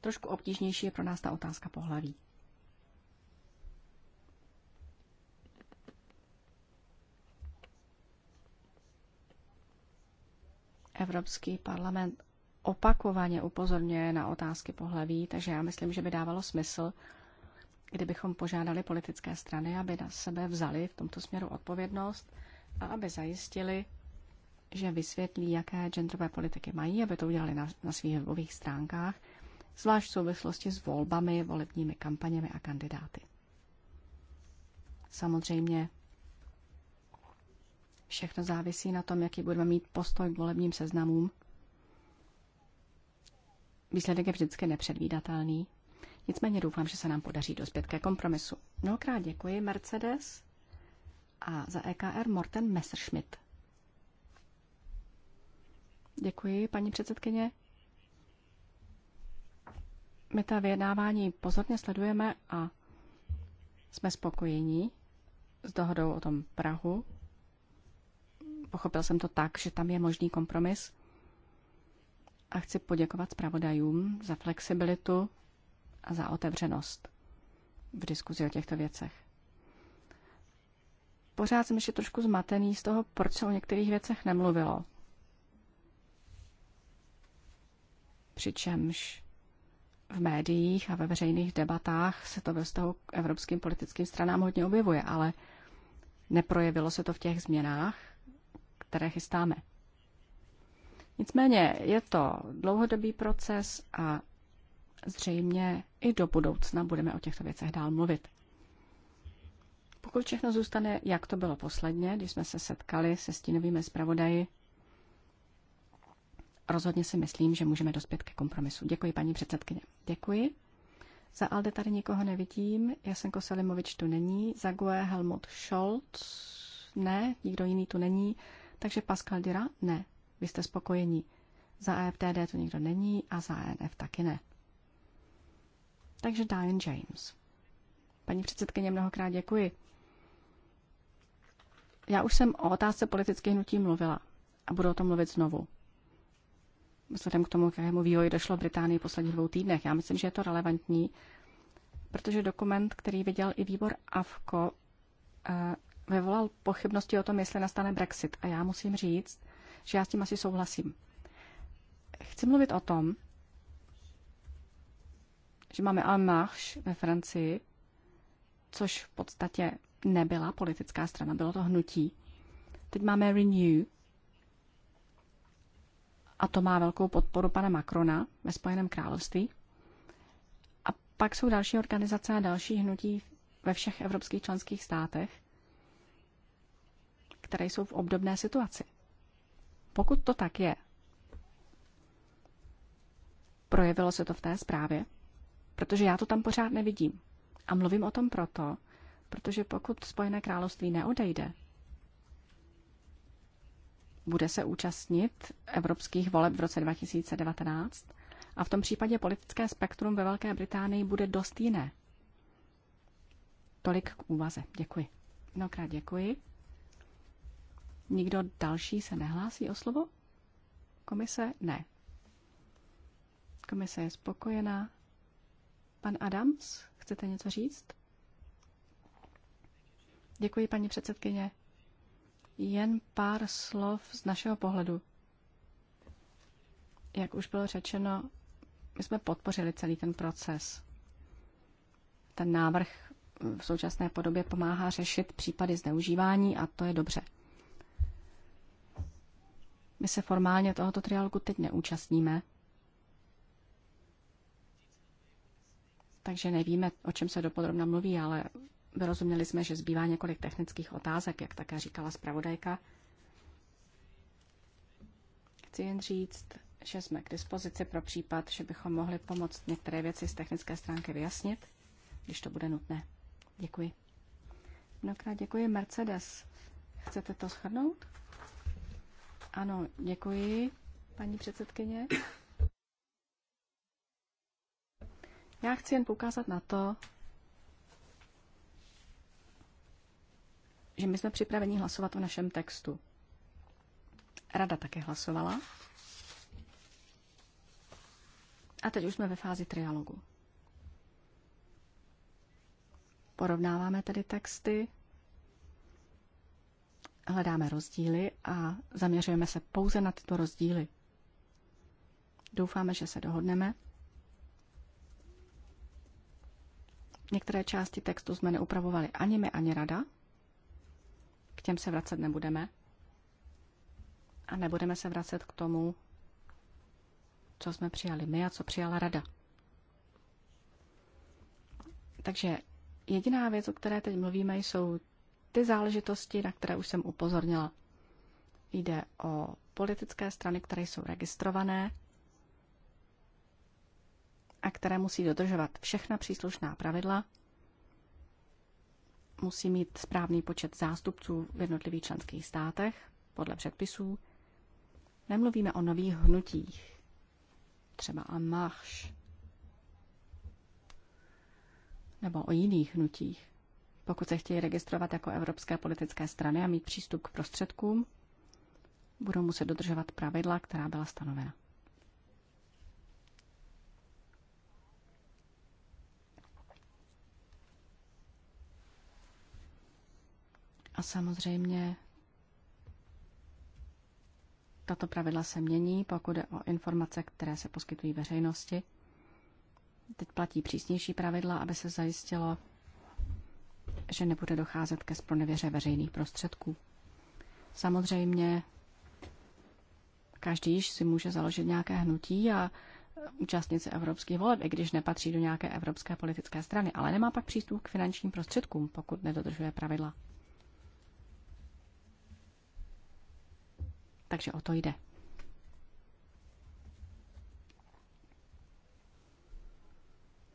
Trošku obtížnější je pro nás ta otázka pohlaví. Evropský parlament opakovaně upozorňuje na otázky pohlaví, takže já myslím, že by dávalo smysl, kdybychom požádali politické strany, aby na sebe vzali v tomto směru odpovědnost a aby zajistili, že vysvětlí, jaké genderové politiky mají, aby to udělali na, na svých webových stránkách zvlášť v souvislosti s volbami, volebními kampaněmi a kandidáty. Samozřejmě všechno závisí na tom, jaký budeme mít postoj k volebním seznamům. Výsledek je vždycky nepředvídatelný. Nicméně doufám, že se nám podaří dospět ke kompromisu. Mnohokrát děkuji Mercedes a za EKR Morten Messerschmidt. Děkuji, paní předsedkyně. My ta vyjednávání pozorně sledujeme a jsme spokojení s dohodou o tom Prahu. Pochopil jsem to tak, že tam je možný kompromis. A chci poděkovat zpravodajům za flexibilitu a za otevřenost v diskuzi o těchto věcech. Pořád jsem ještě trošku zmatený z toho, proč se o některých věcech nemluvilo. Přičemž v médiích a ve veřejných debatách se to ve vztahu k evropským politickým stranám hodně objevuje, ale neprojevilo se to v těch změnách, které chystáme. Nicméně je to dlouhodobý proces a zřejmě i do budoucna budeme o těchto věcech dál mluvit. Pokud všechno zůstane, jak to bylo posledně, když jsme se setkali se stínovými zpravodaji rozhodně si myslím, že můžeme dospět ke kompromisu. Děkuji, paní předsedkyně. Děkuji. Za Alde tady nikoho nevidím. Jasenko Selimovič tu není. Za Gue Helmut Scholz ne. Nikdo jiný tu není. Takže Pascal Dira ne. Vy jste spokojení. Za AFTD e tu nikdo není a za ANF e taky ne. Takže Diane James. Paní předsedkyně, mnohokrát děkuji. Já už jsem o otázce politických hnutí mluvila a budu o tom mluvit znovu vzhledem k tomu, k jakému vývoji došlo v Británii v posledních dvou týdnech. Já myslím, že je to relevantní, protože dokument, který viděl i výbor AFCO, eh, vyvolal pochybnosti o tom, jestli nastane Brexit. A já musím říct, že já s tím asi souhlasím. Chci mluvit o tom, že máme En Marche ve Francii, což v podstatě nebyla politická strana, bylo to hnutí. Teď máme Renew, a to má velkou podporu pana Macrona ve Spojeném království. A pak jsou další organizace a další hnutí ve všech evropských členských státech, které jsou v obdobné situaci. Pokud to tak je, projevilo se to v té zprávě, protože já to tam pořád nevidím. A mluvím o tom proto, protože pokud Spojené království neodejde, bude se účastnit evropských voleb v roce 2019 a v tom případě politické spektrum ve Velké Británii bude dost jiné. Tolik k úvaze. Děkuji. Mnohokrát děkuji. Nikdo další se nehlásí o slovo? Komise? Ne. Komise je spokojená. Pan Adams, chcete něco říct? Děkuji, paní předsedkyně. Jen pár slov z našeho pohledu. Jak už bylo řečeno, my jsme podpořili celý ten proces. Ten návrh v současné podobě pomáhá řešit případy zneužívání a to je dobře. My se formálně tohoto triálku teď neúčastníme, takže nevíme, o čem se dopodrobna mluví, ale Vyrozuměli jsme, že zbývá několik technických otázek, jak také říkala zpravodajka. Chci jen říct, že jsme k dispozici pro případ, že bychom mohli pomoct některé věci z technické stránky vyjasnit, když to bude nutné. Děkuji. Mnohokrát děkuji. Mercedes, chcete to shrnout? Ano, děkuji, paní předsedkyně. Já chci jen poukázat na to, že my jsme připraveni hlasovat o našem textu. Rada také hlasovala. A teď už jsme ve fázi trialogu. Porovnáváme tedy texty, hledáme rozdíly a zaměřujeme se pouze na tyto rozdíly. Doufáme, že se dohodneme. Některé části textu jsme neupravovali ani my, ani rada, těm se vracet nebudeme. A nebudeme se vracet k tomu, co jsme přijali my a co přijala rada. Takže jediná věc, o které teď mluvíme, jsou ty záležitosti, na které už jsem upozornila. Jde o politické strany, které jsou registrované a které musí dodržovat všechna příslušná pravidla musí mít správný počet zástupců v jednotlivých členských státech podle předpisů. Nemluvíme o nových hnutích, třeba a marš, nebo o jiných hnutích. Pokud se chtějí registrovat jako evropské politické strany a mít přístup k prostředkům, budou muset dodržovat pravidla, která byla stanovena. A samozřejmě tato pravidla se mění, pokud je o informace, které se poskytují veřejnosti. Teď platí přísnější pravidla, aby se zajistilo, že nebude docházet ke spronevěře veřejných prostředků. Samozřejmě každý si může založit nějaké hnutí a účastnit se evropských voleb, i když nepatří do nějaké evropské politické strany, ale nemá pak přístup k finančním prostředkům, pokud nedodržuje pravidla. Takže o to jde.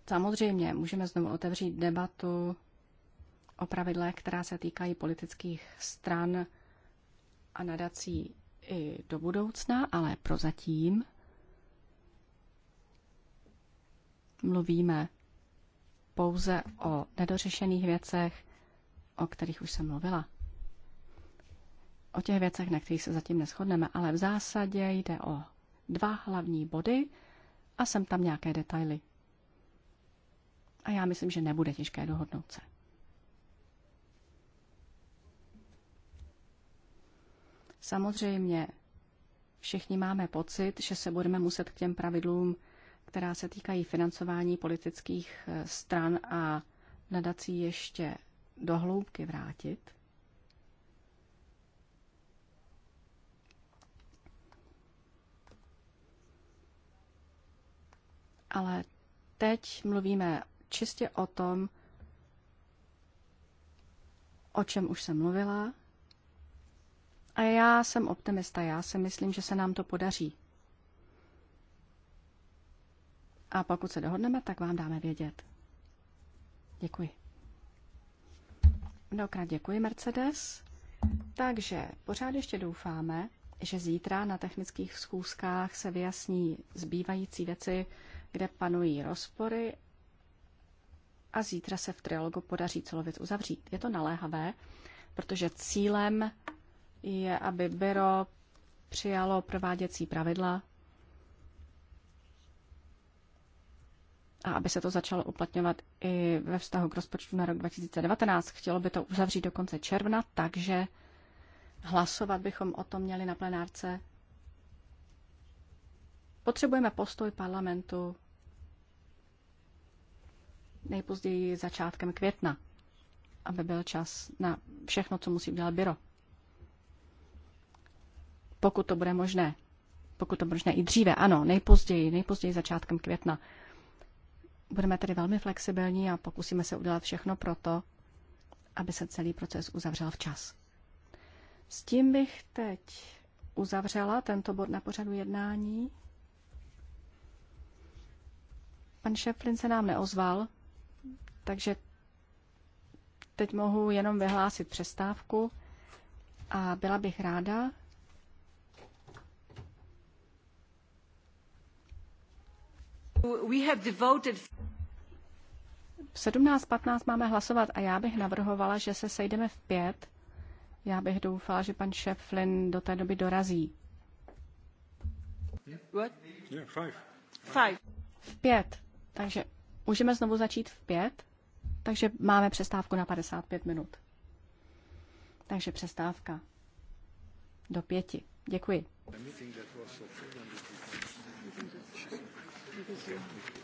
Samozřejmě můžeme znovu otevřít debatu o pravidlech, která se týkají politických stran a nadací i do budoucna, ale prozatím mluvíme pouze o nedořešených věcech, o kterých už jsem mluvila o těch věcech, na kterých se zatím neschodneme, ale v zásadě jde o dva hlavní body a sem tam nějaké detaily. A já myslím, že nebude těžké dohodnout se. Samozřejmě všichni máme pocit, že se budeme muset k těm pravidlům, která se týkají financování politických eh, stran a nadací ještě dohloubky vrátit. Ale teď mluvíme čistě o tom, o čem už jsem mluvila. A já jsem optimista, já si myslím, že se nám to podaří. A pokud se dohodneme, tak vám dáme vědět. Děkuji. Mnohokrát děkuji, Mercedes. Takže pořád ještě doufáme, že zítra na technických schůzkách se vyjasní zbývající věci, kde panují rozpory a zítra se v trialogu podaří celou věc uzavřít. Je to naléhavé, protože cílem je, aby byro přijalo prováděcí pravidla a aby se to začalo uplatňovat i ve vztahu k rozpočtu na rok 2019. Chtělo by to uzavřít do konce června, takže hlasovat bychom o tom měli na plenárce. Potřebujeme postoj parlamentu nejpozději začátkem května, aby byl čas na všechno, co musí udělat byro. Pokud to bude možné. Pokud to bude možné i dříve, ano, nejpozději, nejpozději začátkem května. Budeme tedy velmi flexibilní a pokusíme se udělat všechno to, aby se celý proces uzavřel včas. S tím bych teď uzavřela tento bod na pořadu jednání. Pan Šeflin se nám neozval, takže teď mohu jenom vyhlásit přestávku a byla bych ráda, V 17.15 máme hlasovat a já bych navrhovala, že se sejdeme v pět. Já bych doufala, že pan šéf Flynn do té doby dorazí. What? five. Five. V pět. Takže můžeme znovu začít v pět? Takže máme přestávku na 55 minut. Takže přestávka do pěti. Děkuji. you.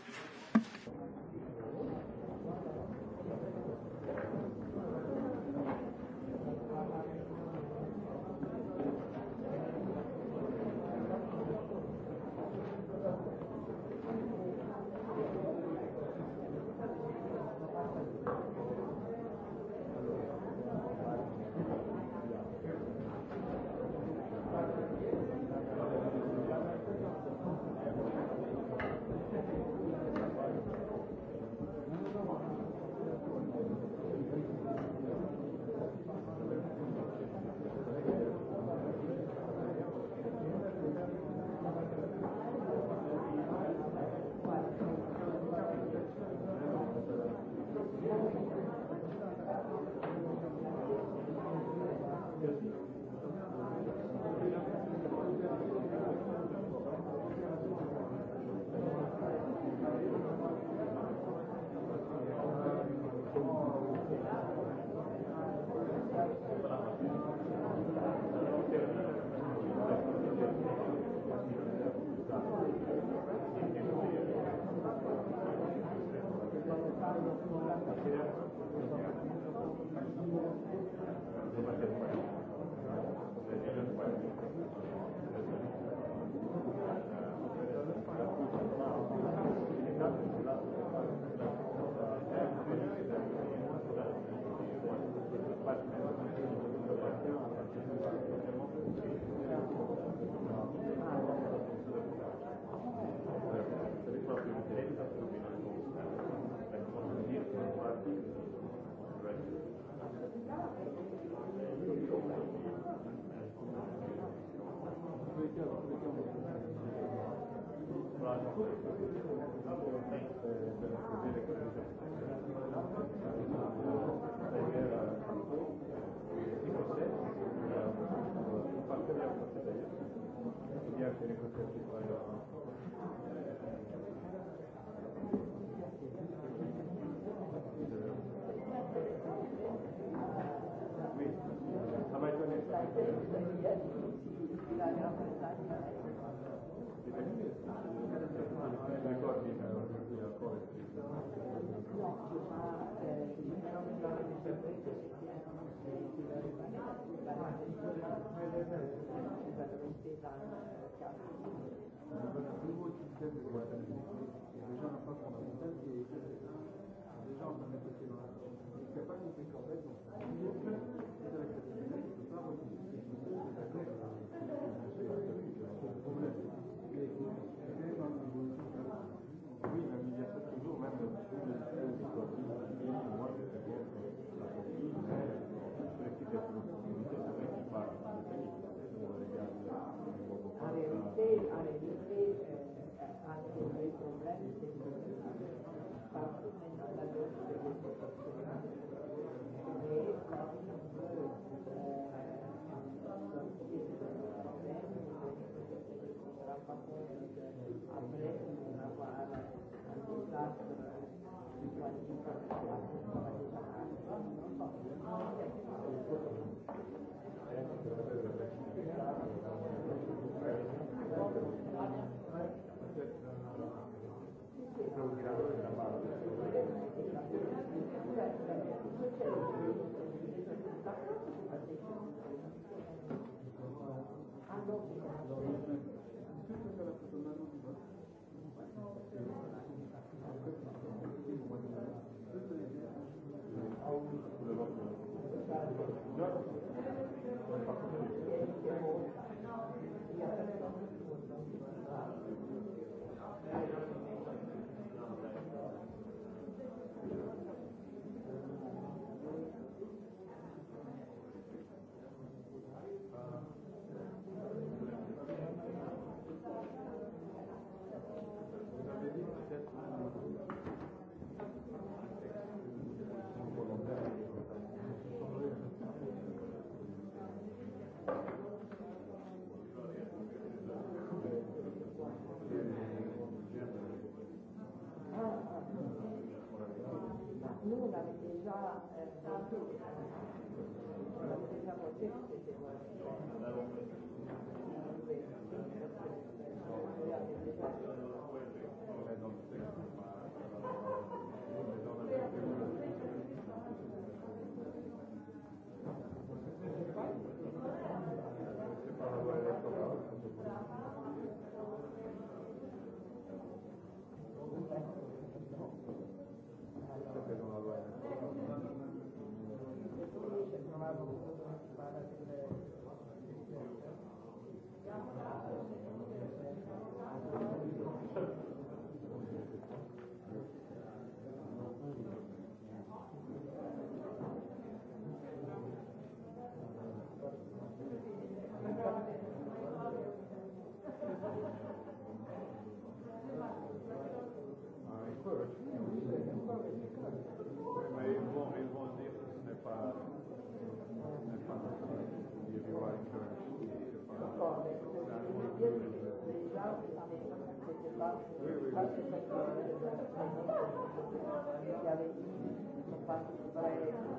mirador de la madre. Thank you.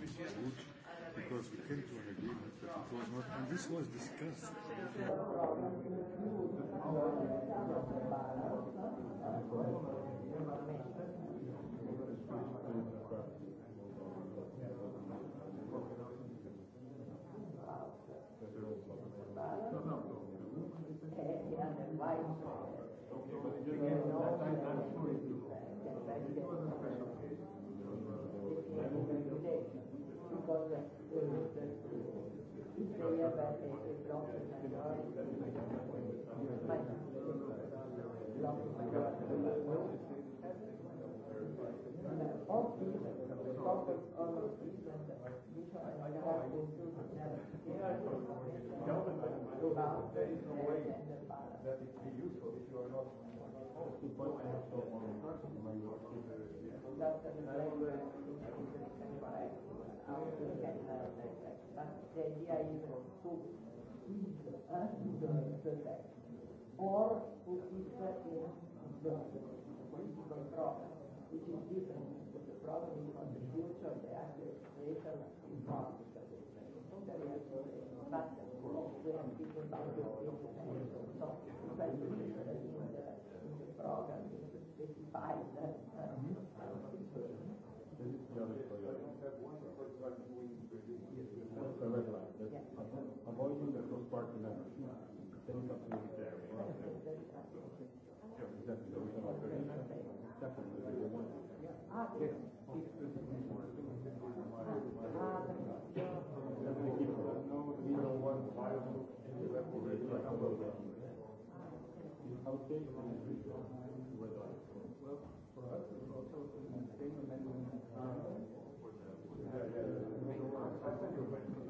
which because we came to an agreement that it was not, and this was discussed. Or put it in the problem, which is different. The problem is on the future, the administration is not the But when people about the so it's a different program specified the red line. That's yeah. to the area. Right there. Yeah, exactly. So we have very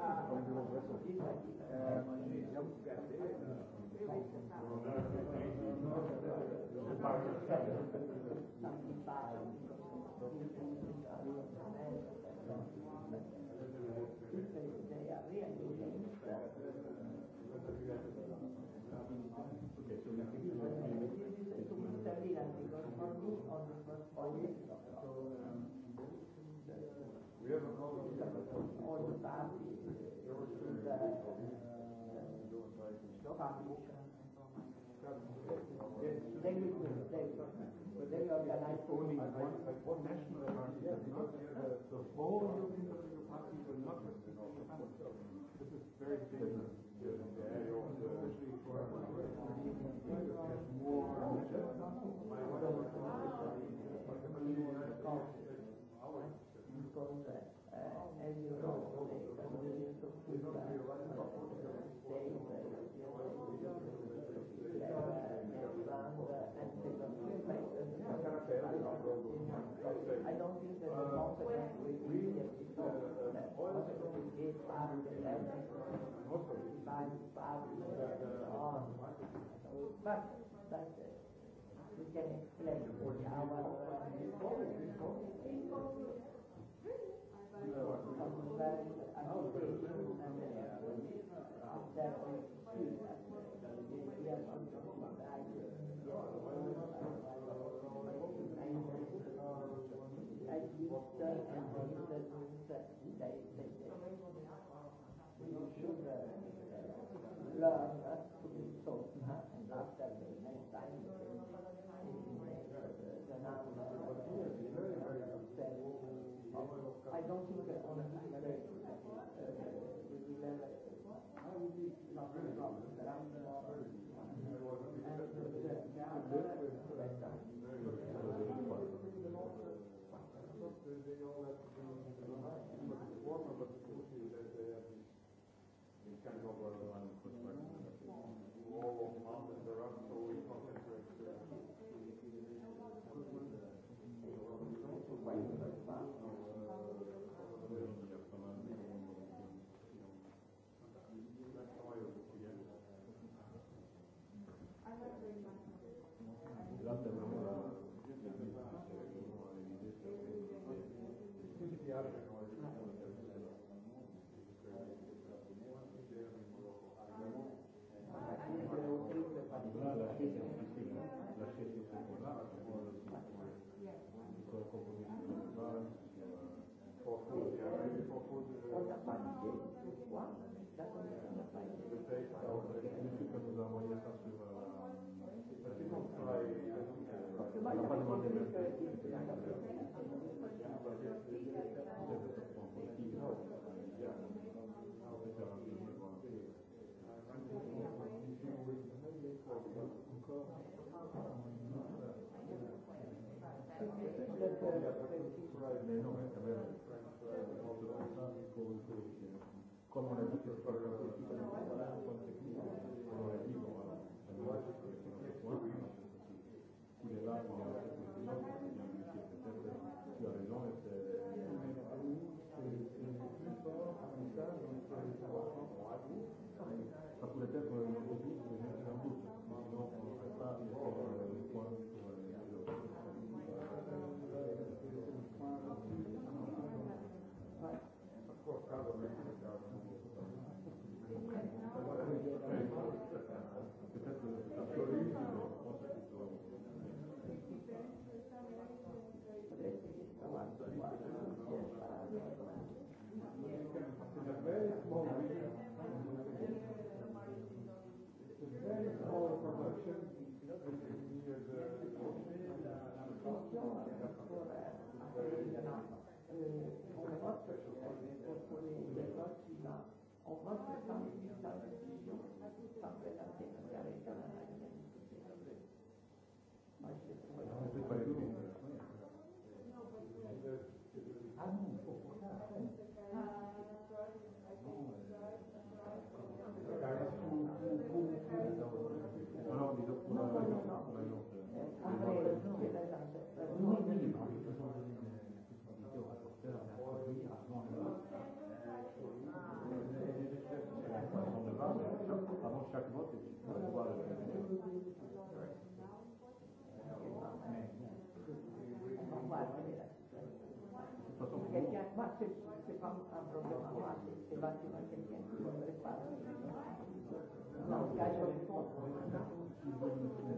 Uh, importanti e oltre dopo Then you could say, so then you organize only one, like one national party, yeah, because the, the whole European political party will not have this in the panel. This is very dangerous, especially for more measures. My order was to say, our, uh, as you know, I don't think that the consequence will be that it will of the health by public on. But, but uh, we can explain what our uh, tomu jako nebude. problema quale,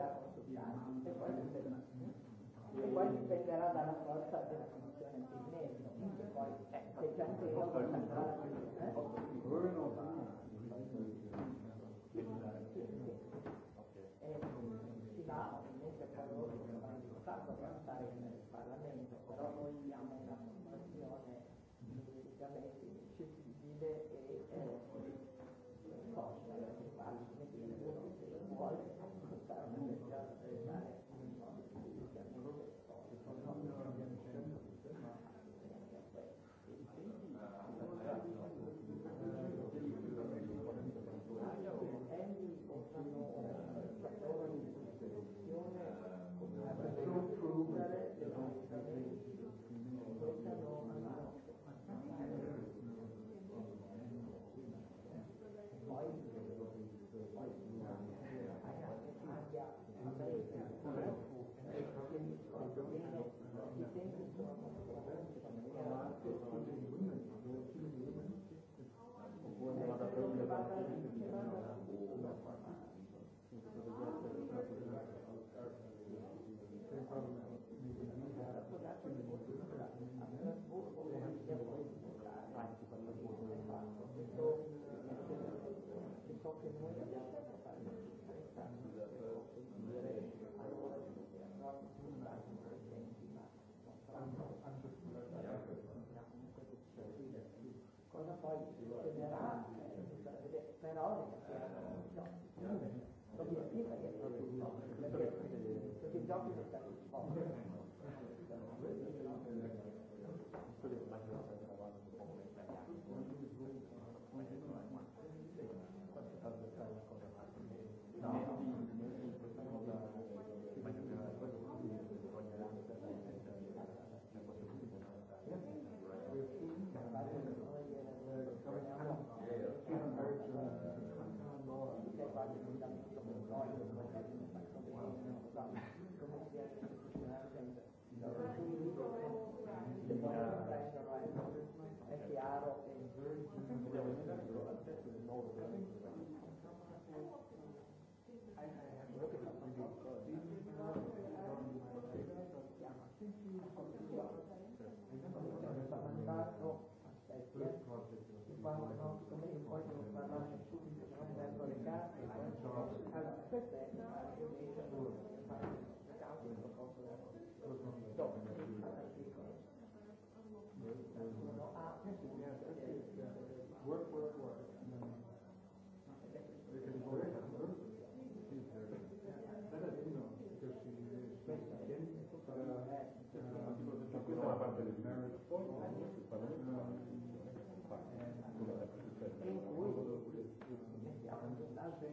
della sostanza e poi e poi dipenderà dalla forza della funzione signesimo, che poi se c'è anche la forza si va ovviamente a Carlo a farlo passare nel Parlamento, però noi abbiamo una formazione giudicamente ใช่ใช่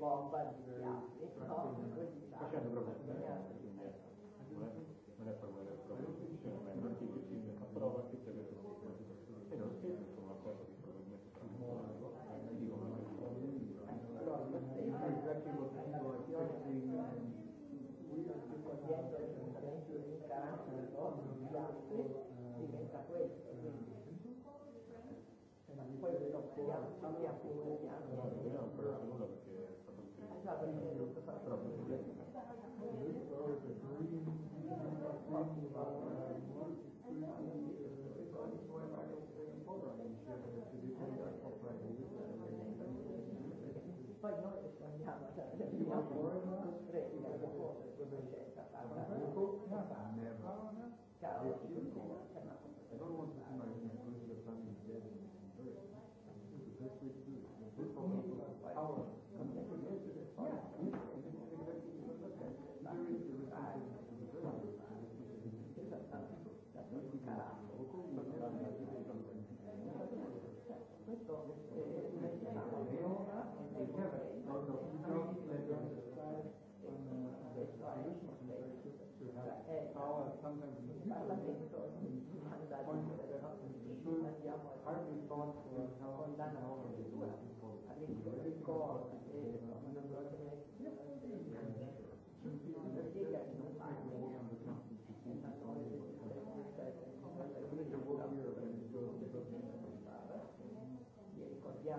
form, but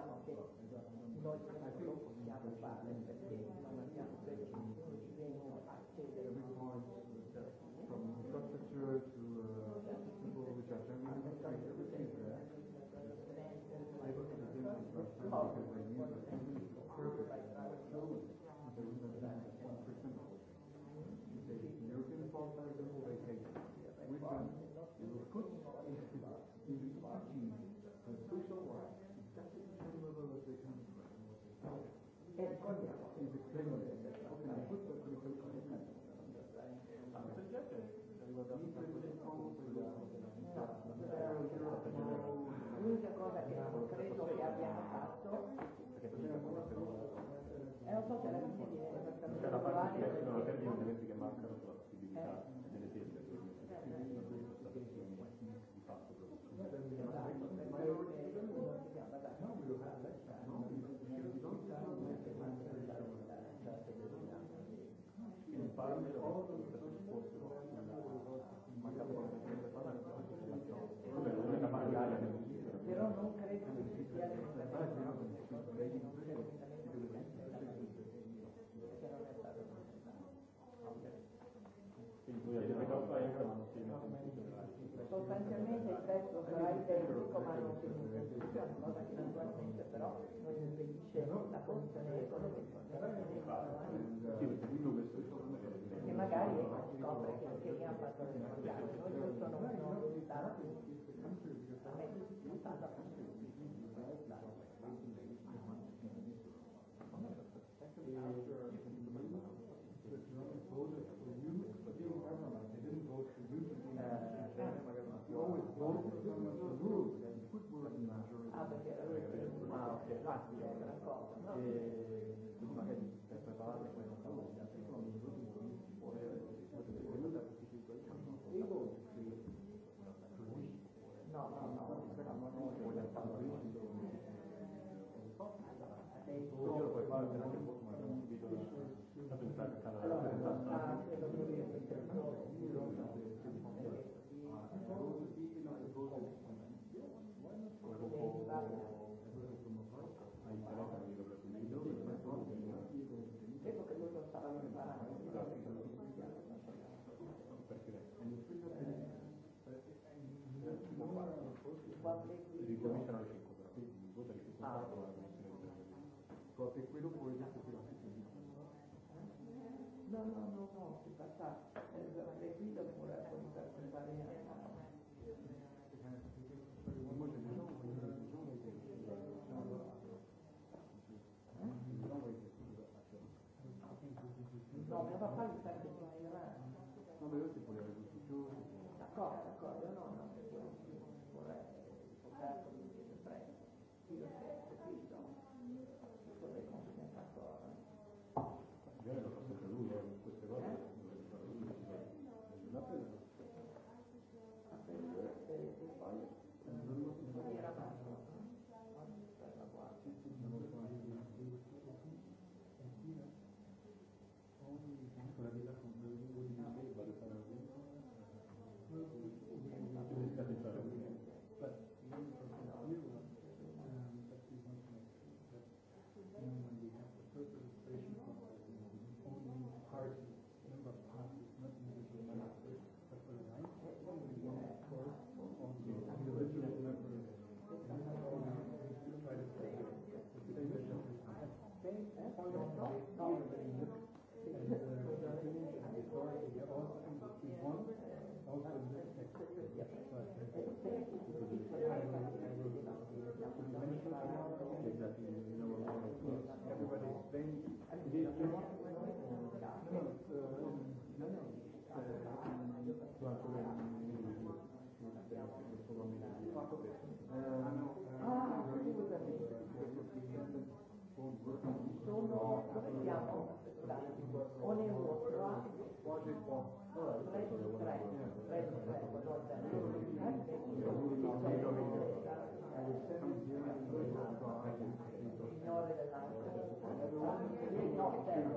Thank you. Sì, perché E magari scopre che anche lì fatto prendiamo un euro a preso tre, preso tre, signore dell'arte, no, terzo, terzo.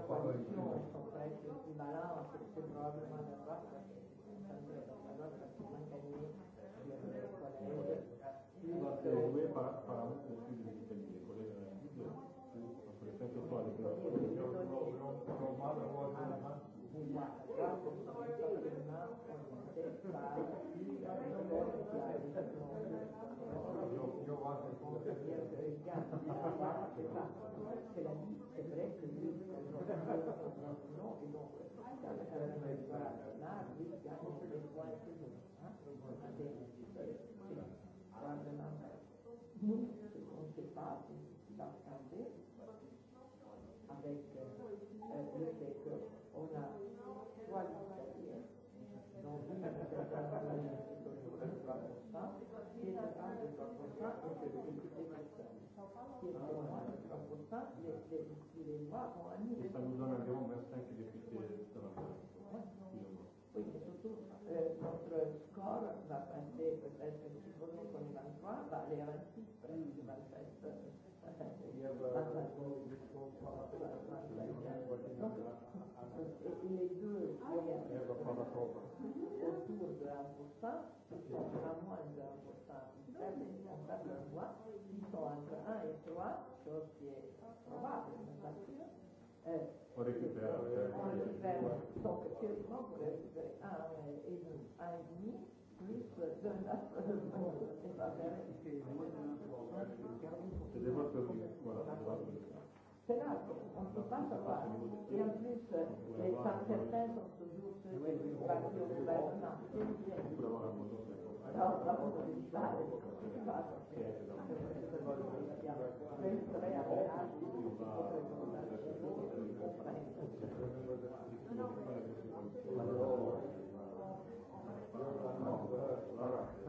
qualità quali sono, questi balance, questo problema va, va avanti, prendi Valfetta. Et les deux, autour de l'impostant, à moins de l'impostant, on tape le voit, ils sont entre 1 et 3, chose qui est probable, parce que euh, on récupère, on récupère, donc théoriquement, vous récupérez 1 et 2, 1 et demi, plus 2 nappes. Senato, on ne peut pas savoir. plus, les certains sont toujours ceux qui sont partis au gouvernement. Alors, la moto di Stato, sempre avverati, potrebbero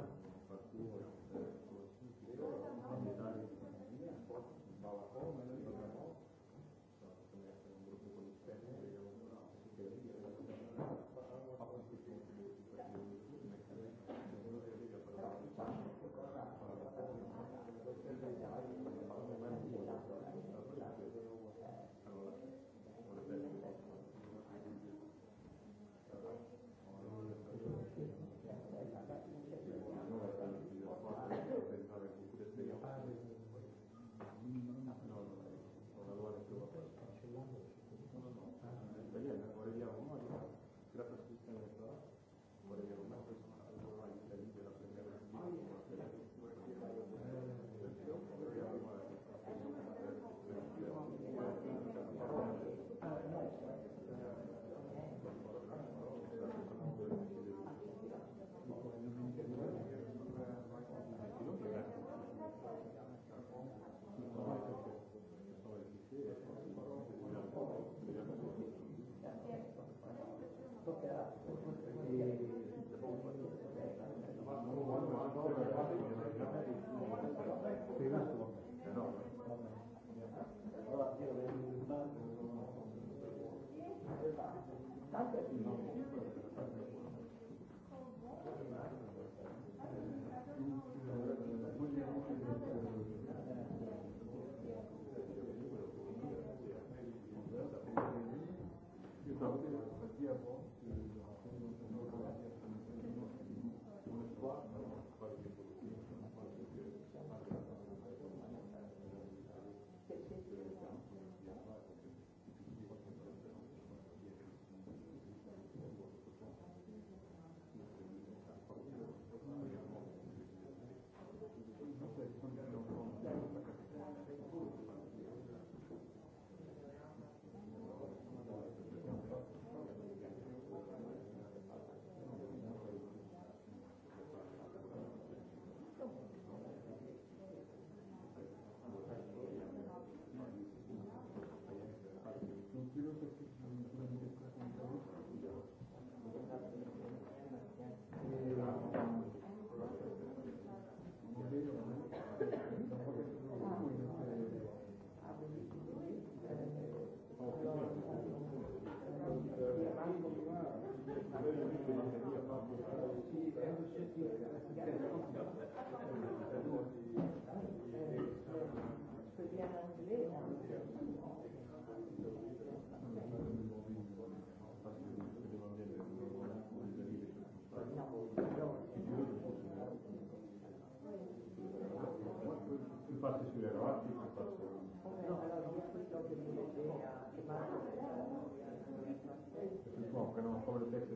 Genau, genau, aber das nächste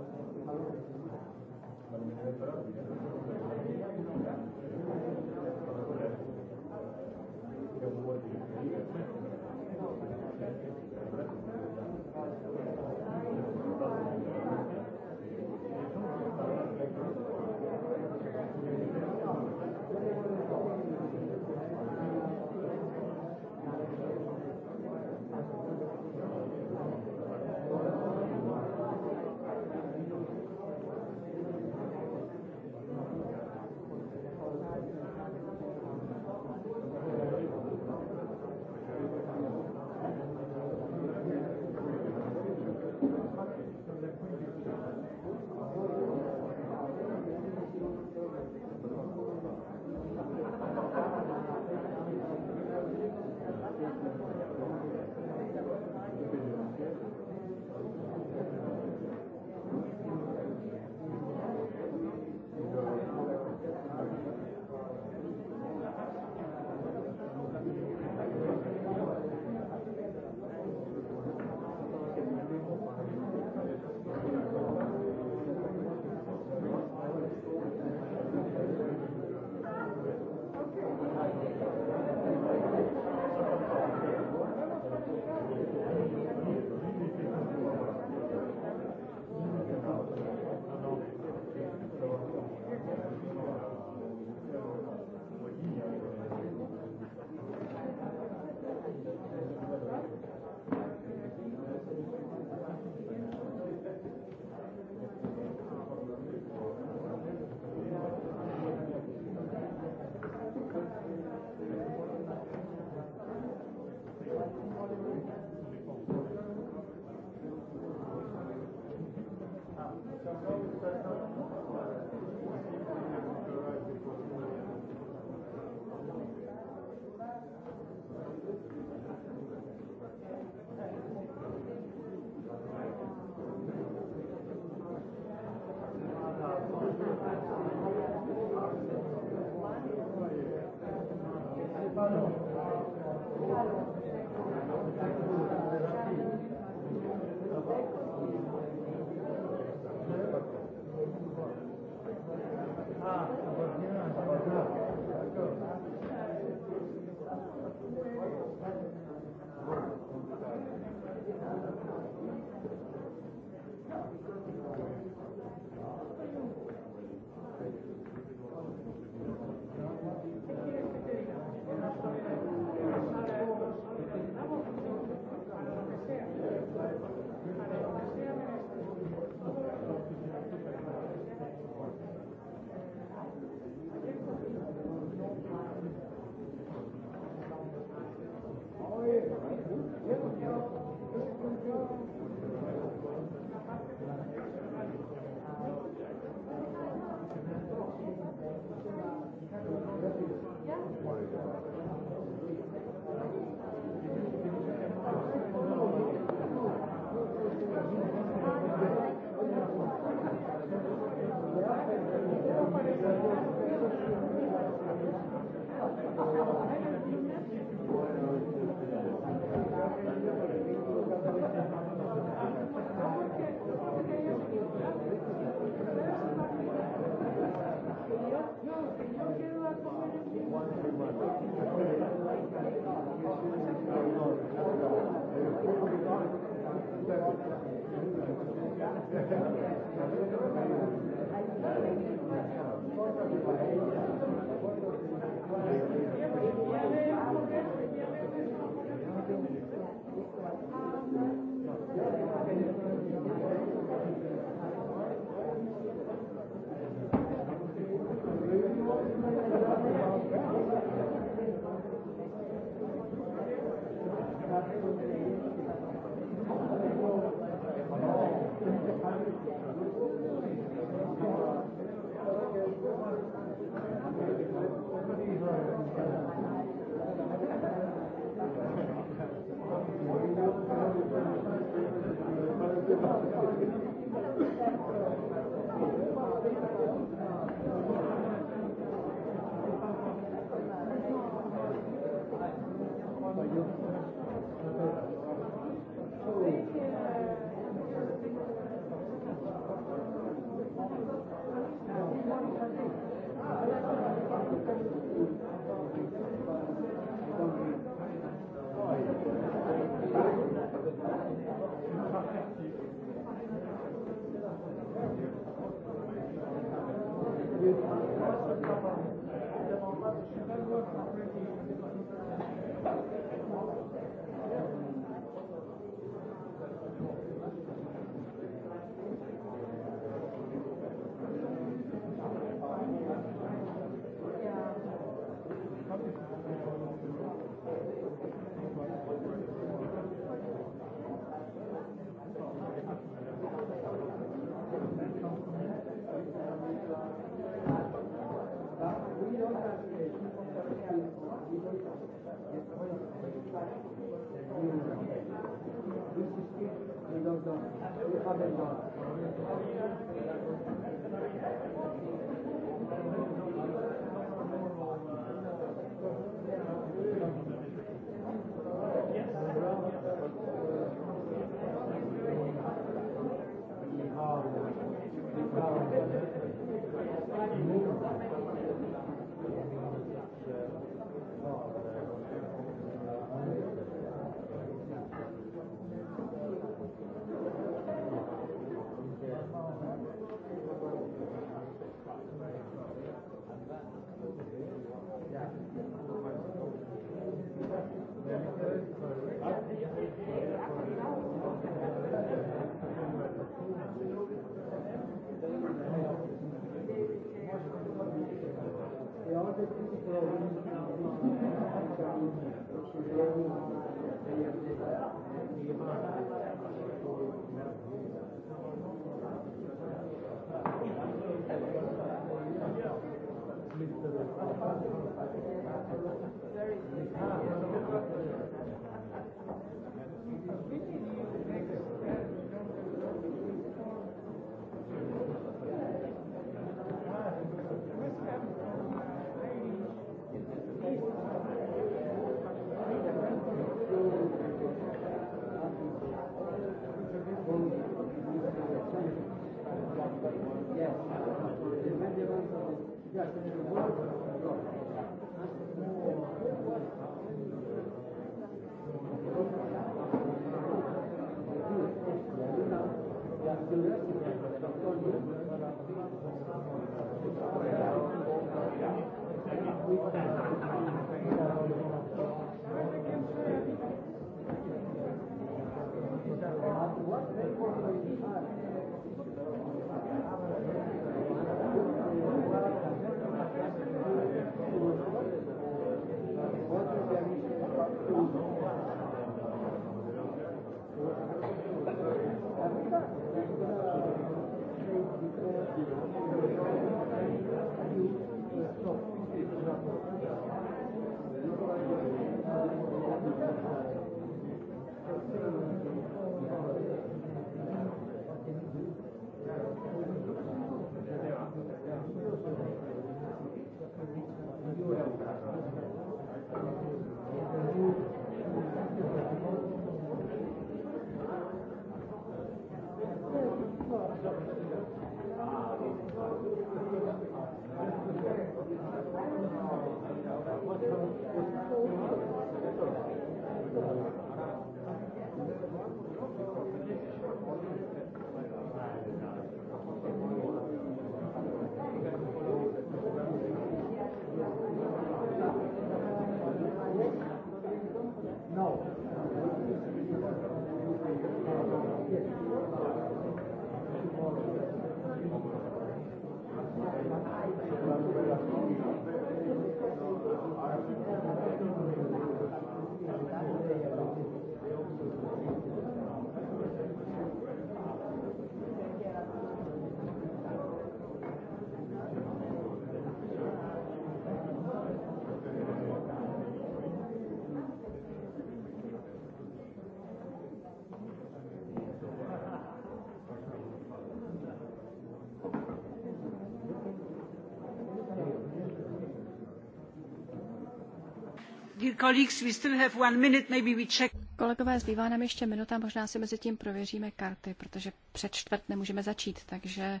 Kolegové, zbývá nám ještě minuta, možná si mezi tím prověříme karty, protože před čtvrt nemůžeme začít, takže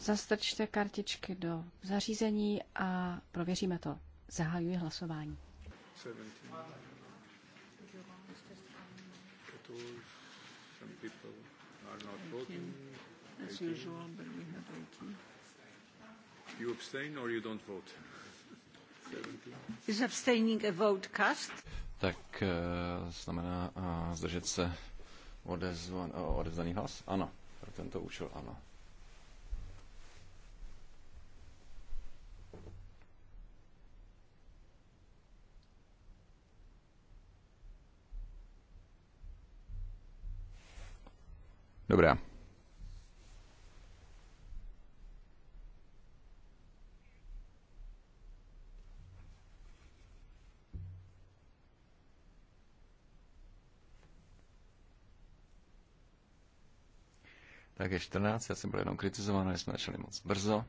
zastrčte kartičky do zařízení a prověříme to. Zahajuji hlasování. 17. You abstain or you don't vote? Is abstaining a vote cast? Tak eh, znamená eh, zdržet se odezvan, eh, hlas? Ano, pro tento účel ano. Dobrá. je 14, já jsem byl jenom kritizován, že jsme začali moc brzo.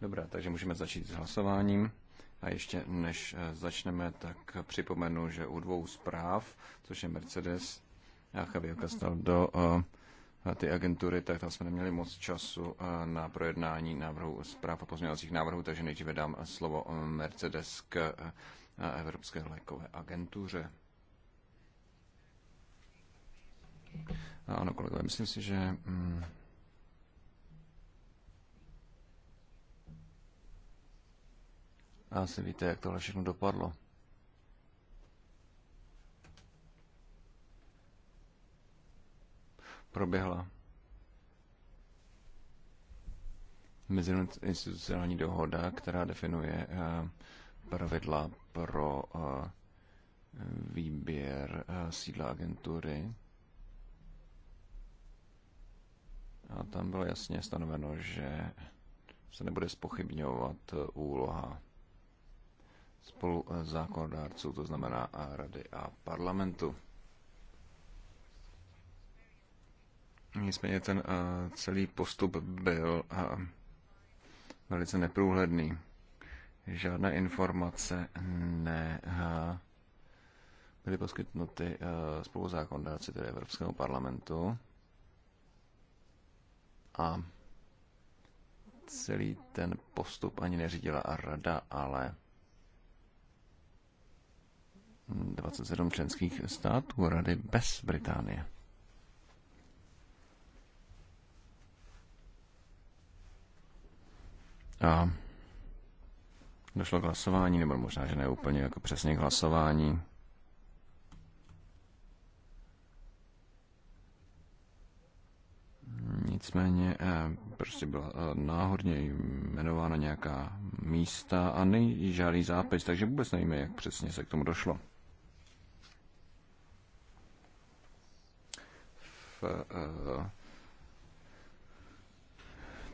Dobrá, takže můžeme začít s hlasováním. A ještě než eh, začneme, tak připomenu, že u dvou zpráv, což je Mercedes a Javier Castaldo, eh, ty agentury, tak tam jsme neměli moc času eh, na projednání návrhu zpráv a pozměňovacích návrhů, takže nejdříve dám slovo Mercedes k Evropské lékové agentuře. ano, kolegové, myslím si, že A mm, asi víte, jak tohle všechno dopadlo. Proběhla mezinstitucionální dohoda, která definuje eh, pravidla pro eh, výběr eh, sídla agentury. A tam bylo jasně stanoveno, že se nebude spochybňovat eh, úloha spolu zákonodárců, to znamená a rady a parlamentu. Nicméně ten celý postup byl velice neprůhledný žádné informace ne eh, byly poskytnuty eh, spoluzákonodárci tedy Evropského parlamentu a celý ten postup ani neřídila rada, ale 27 členských států rady bez Británie. A Došlo k hlasování, nebo možná, že ne úplně jako přesně k hlasování. Nicméně eh, prostě byla eh, náhodně jmenována nějaká místa a není žádný zápis, takže vůbec nevíme, jak přesně se k tomu došlo. V eh,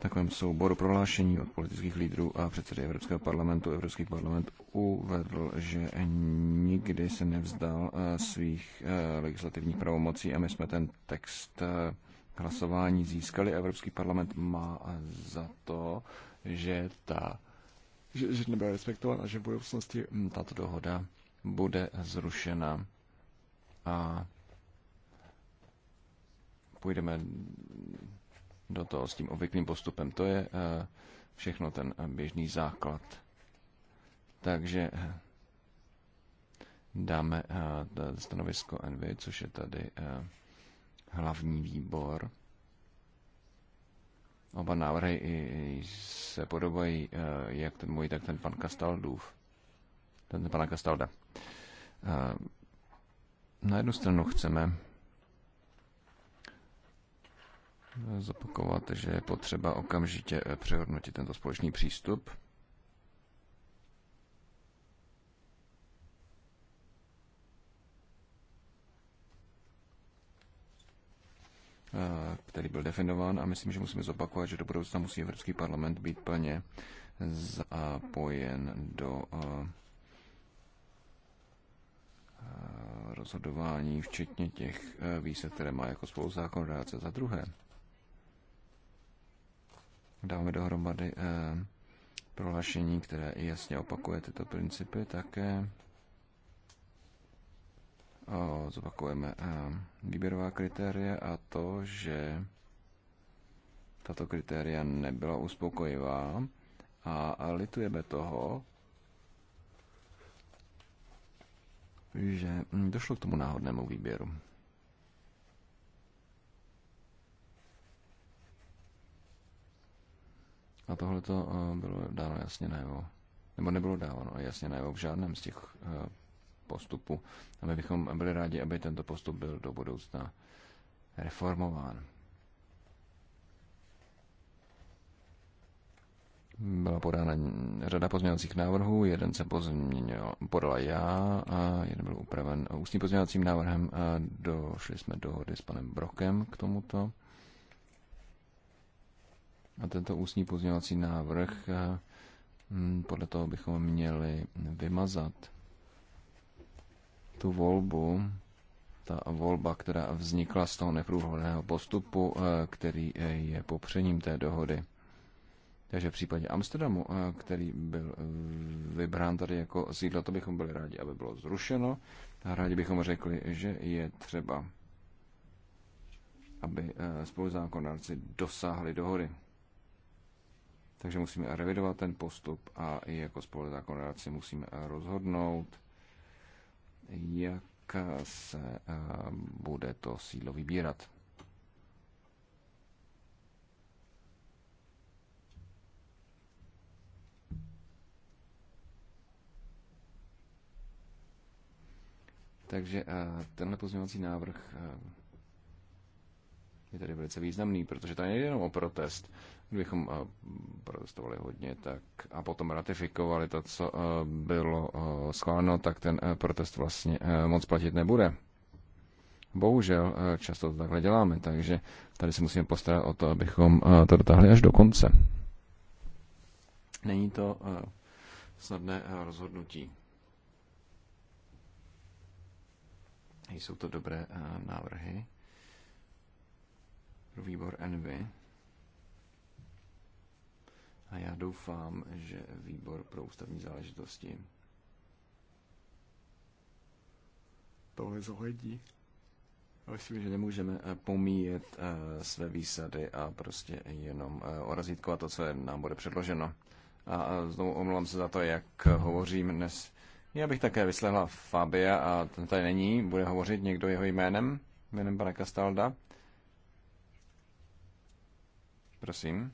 takovém souboru prohlášení od politických lídrů a předsedy Evropského parlamentu Evropský parlament uvedl, že nikdy se nevzdal eh, svých eh, legislativních pravomocí a my jsme ten text eh, hlasování získali. Evropský parlament má za to, že ta že, že nebyla respektována, že v budoucnosti hm, tato dohoda bude zrušena a půjdeme do toho s tím obvyklým postupem. To je eh, všechno ten eh, běžný základ. Takže eh, dáme stanovisko Envy, což je tady hlavní výbor. Oba návrhy se podobají, jak ten můj, tak ten pan Kastaldův. Ten pana Kastalda. Na jednu stranu chceme zopakovat, že je potřeba okamžitě eh, přehodnotit tento společný přístup. Eh, který byl definován a myslím, že musíme zopakovat, že do budoucna musí Evropský parlament být plně zapojen do eh, rozhodování, včetně těch výsledků, které má jako spoluzákonodáce za druhé dáme dohromady eh, prohlášení, které jasně opakuje tyto principy, také eh, zopakujeme eh, výběrová kritéria a to, že tato kritéria nebyla uspokojivá a litujeme toho, že došlo k tomu náhodnému výběru. A tohle to eh, bylo dáno jasně najevo. Nebo nebylo dáno jasně najevo v žádném z těch eh, postupů. A my bychom byli rádi, aby tento postup byl do budoucna reformován. Byla podána řada pozměňovacích návrhů, jeden se pozměnil, podala já a jeden byl upraven ústním pozměňovacím návrhem. A došli jsme dohody s panem Brokem k tomuto. A tento ústní pozměňovací návrh eh, hm, podle toho bychom měli vymazat tu volbu, ta volba, která vznikla z toho neprůhodného postupu, eh, který eh, je popřením té dohody. Takže v případě Amsterdamu, který byl vybrán tady jako sídlo, to bychom byli rádi, aby bylo zrušeno. A rádi bychom řekli, že je třeba, aby spoluzákonodárci dosáhli dohody. Takže musíme revidovat ten postup a i jako zákonodáci musíme rozhodnout, jak se eh, bude to sídlo vybírat. Takže eh, tenhle pozměňovací návrh eh, je tady velice významný, protože tady nejde jenom o protest, bychom eh, protestovali hodně tak a potom ratifikovali to, co eh, bylo eh, schváleno, tak ten protest vlastně moc platit nebude. Bohužel často to takhle děláme, takže tady se musíme postarat o to, abychom to dotáhli až do konce. Není to snadné rozhodnutí. Jsou to dobré návrhy pro výbor Envy. A já doufám, že výbor pro ústavní záležitosti tohle zohledí. Myslím, že nemůžeme eh, pomíjet eh, své výsady a prostě jenom eh, orazítkovat to, co nám bude předloženo. A znovu omlouvám se za to, jak hovořím dnes. Já bych také vyslehla Fabia a ten tady není, bude hovořit někdo jeho jménem, jménem pana Kastalda. Prosím.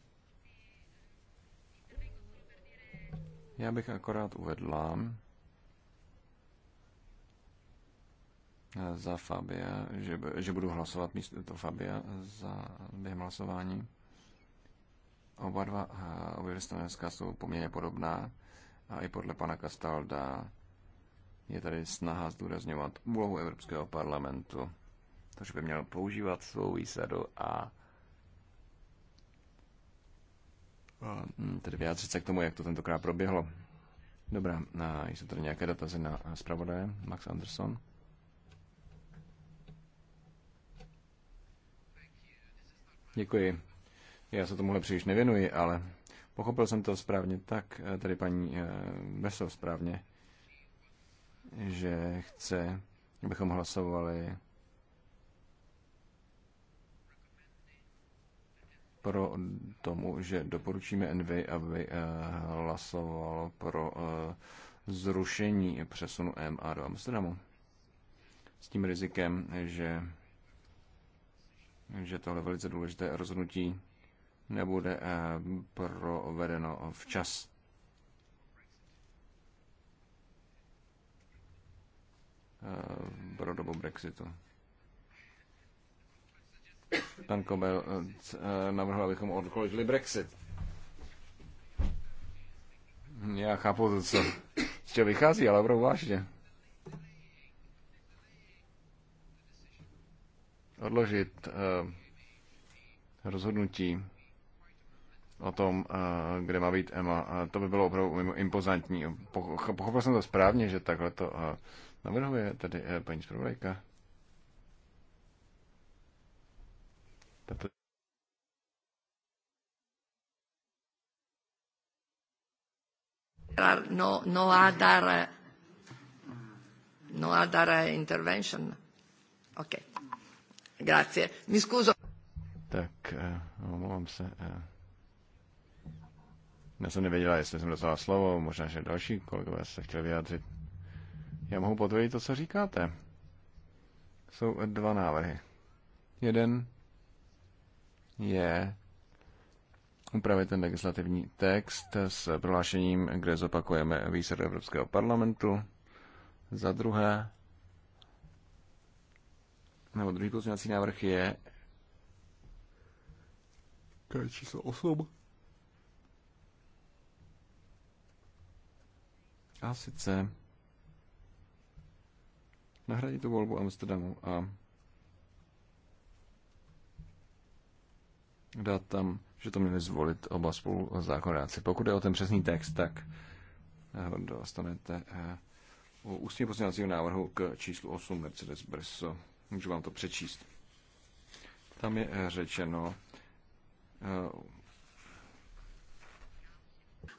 Já bych akorát uvedla eh, za Fabia, že, že budu hlasovat místo to Fabia za během hlasování. Oba dva, eh, obě dvě jsou poměrně podobná a i podle pana Kastalda je tady snaha zdůrazňovat úlohu Evropského parlamentu, takže by měl používat svou výsadu a Hm, tedy vyjádřit se k tomu, jak to tentokrát proběhlo. Dobrá, a jsou tady nějaké dotazy na zpravodaje Max Anderson? Děkuji. Já se tomuhle příliš nevěnuji, ale pochopil jsem to správně tak, eh, tedy paní Beso eh, správně, že chce, abychom hlasovali pro tomu, že doporučíme Envy, aby eh, hlasovalo pro eh, zrušení přesunu MA do Amsterdamu. S tím rizikem, že, že tohle velice důležité rozhodnutí nebude eh, provedeno včas. pro dobu Brexitu pan Kobel eh, eh, navrhl, abychom odložili Brexit. Já chápu to, co z čeho vychází, ale opravdu vážně. Odložit eh, rozhodnutí o tom, kde má být Emma. To by bylo opravdu impozantní. Pochopil jsem to správně, že takhle to navrhuje tady paní zpravodajka. tato No, no other, no other intervention. OK. Grazie. Mi scuso. Tak, eh, omlouvám se. Eh. Já jsem nevěděla, jestli jsem dostala slovo, možná, že další kolegové se chtěli vyjádřit. Já mohu potvrdit to, co říkáte. Jsou dva návrhy. Jeden je upravit ten legislativní text s prohlášením, kde zopakujeme výsledek Evropského parlamentu. Za druhé, nebo druhý pozměňovací návrh je Kaj číslo 8. A sice nahradit tu volbu Amsterdamu a dát tam, že to měli zvolit oba spolu zákonodáci. Pokud je o ten přesný text, tak eh, dostanete eh, u ústně pozměňovacího návrhu k číslu 8 Mercedes Brso. Můžu vám to přečíst. Tam je eh, řečeno,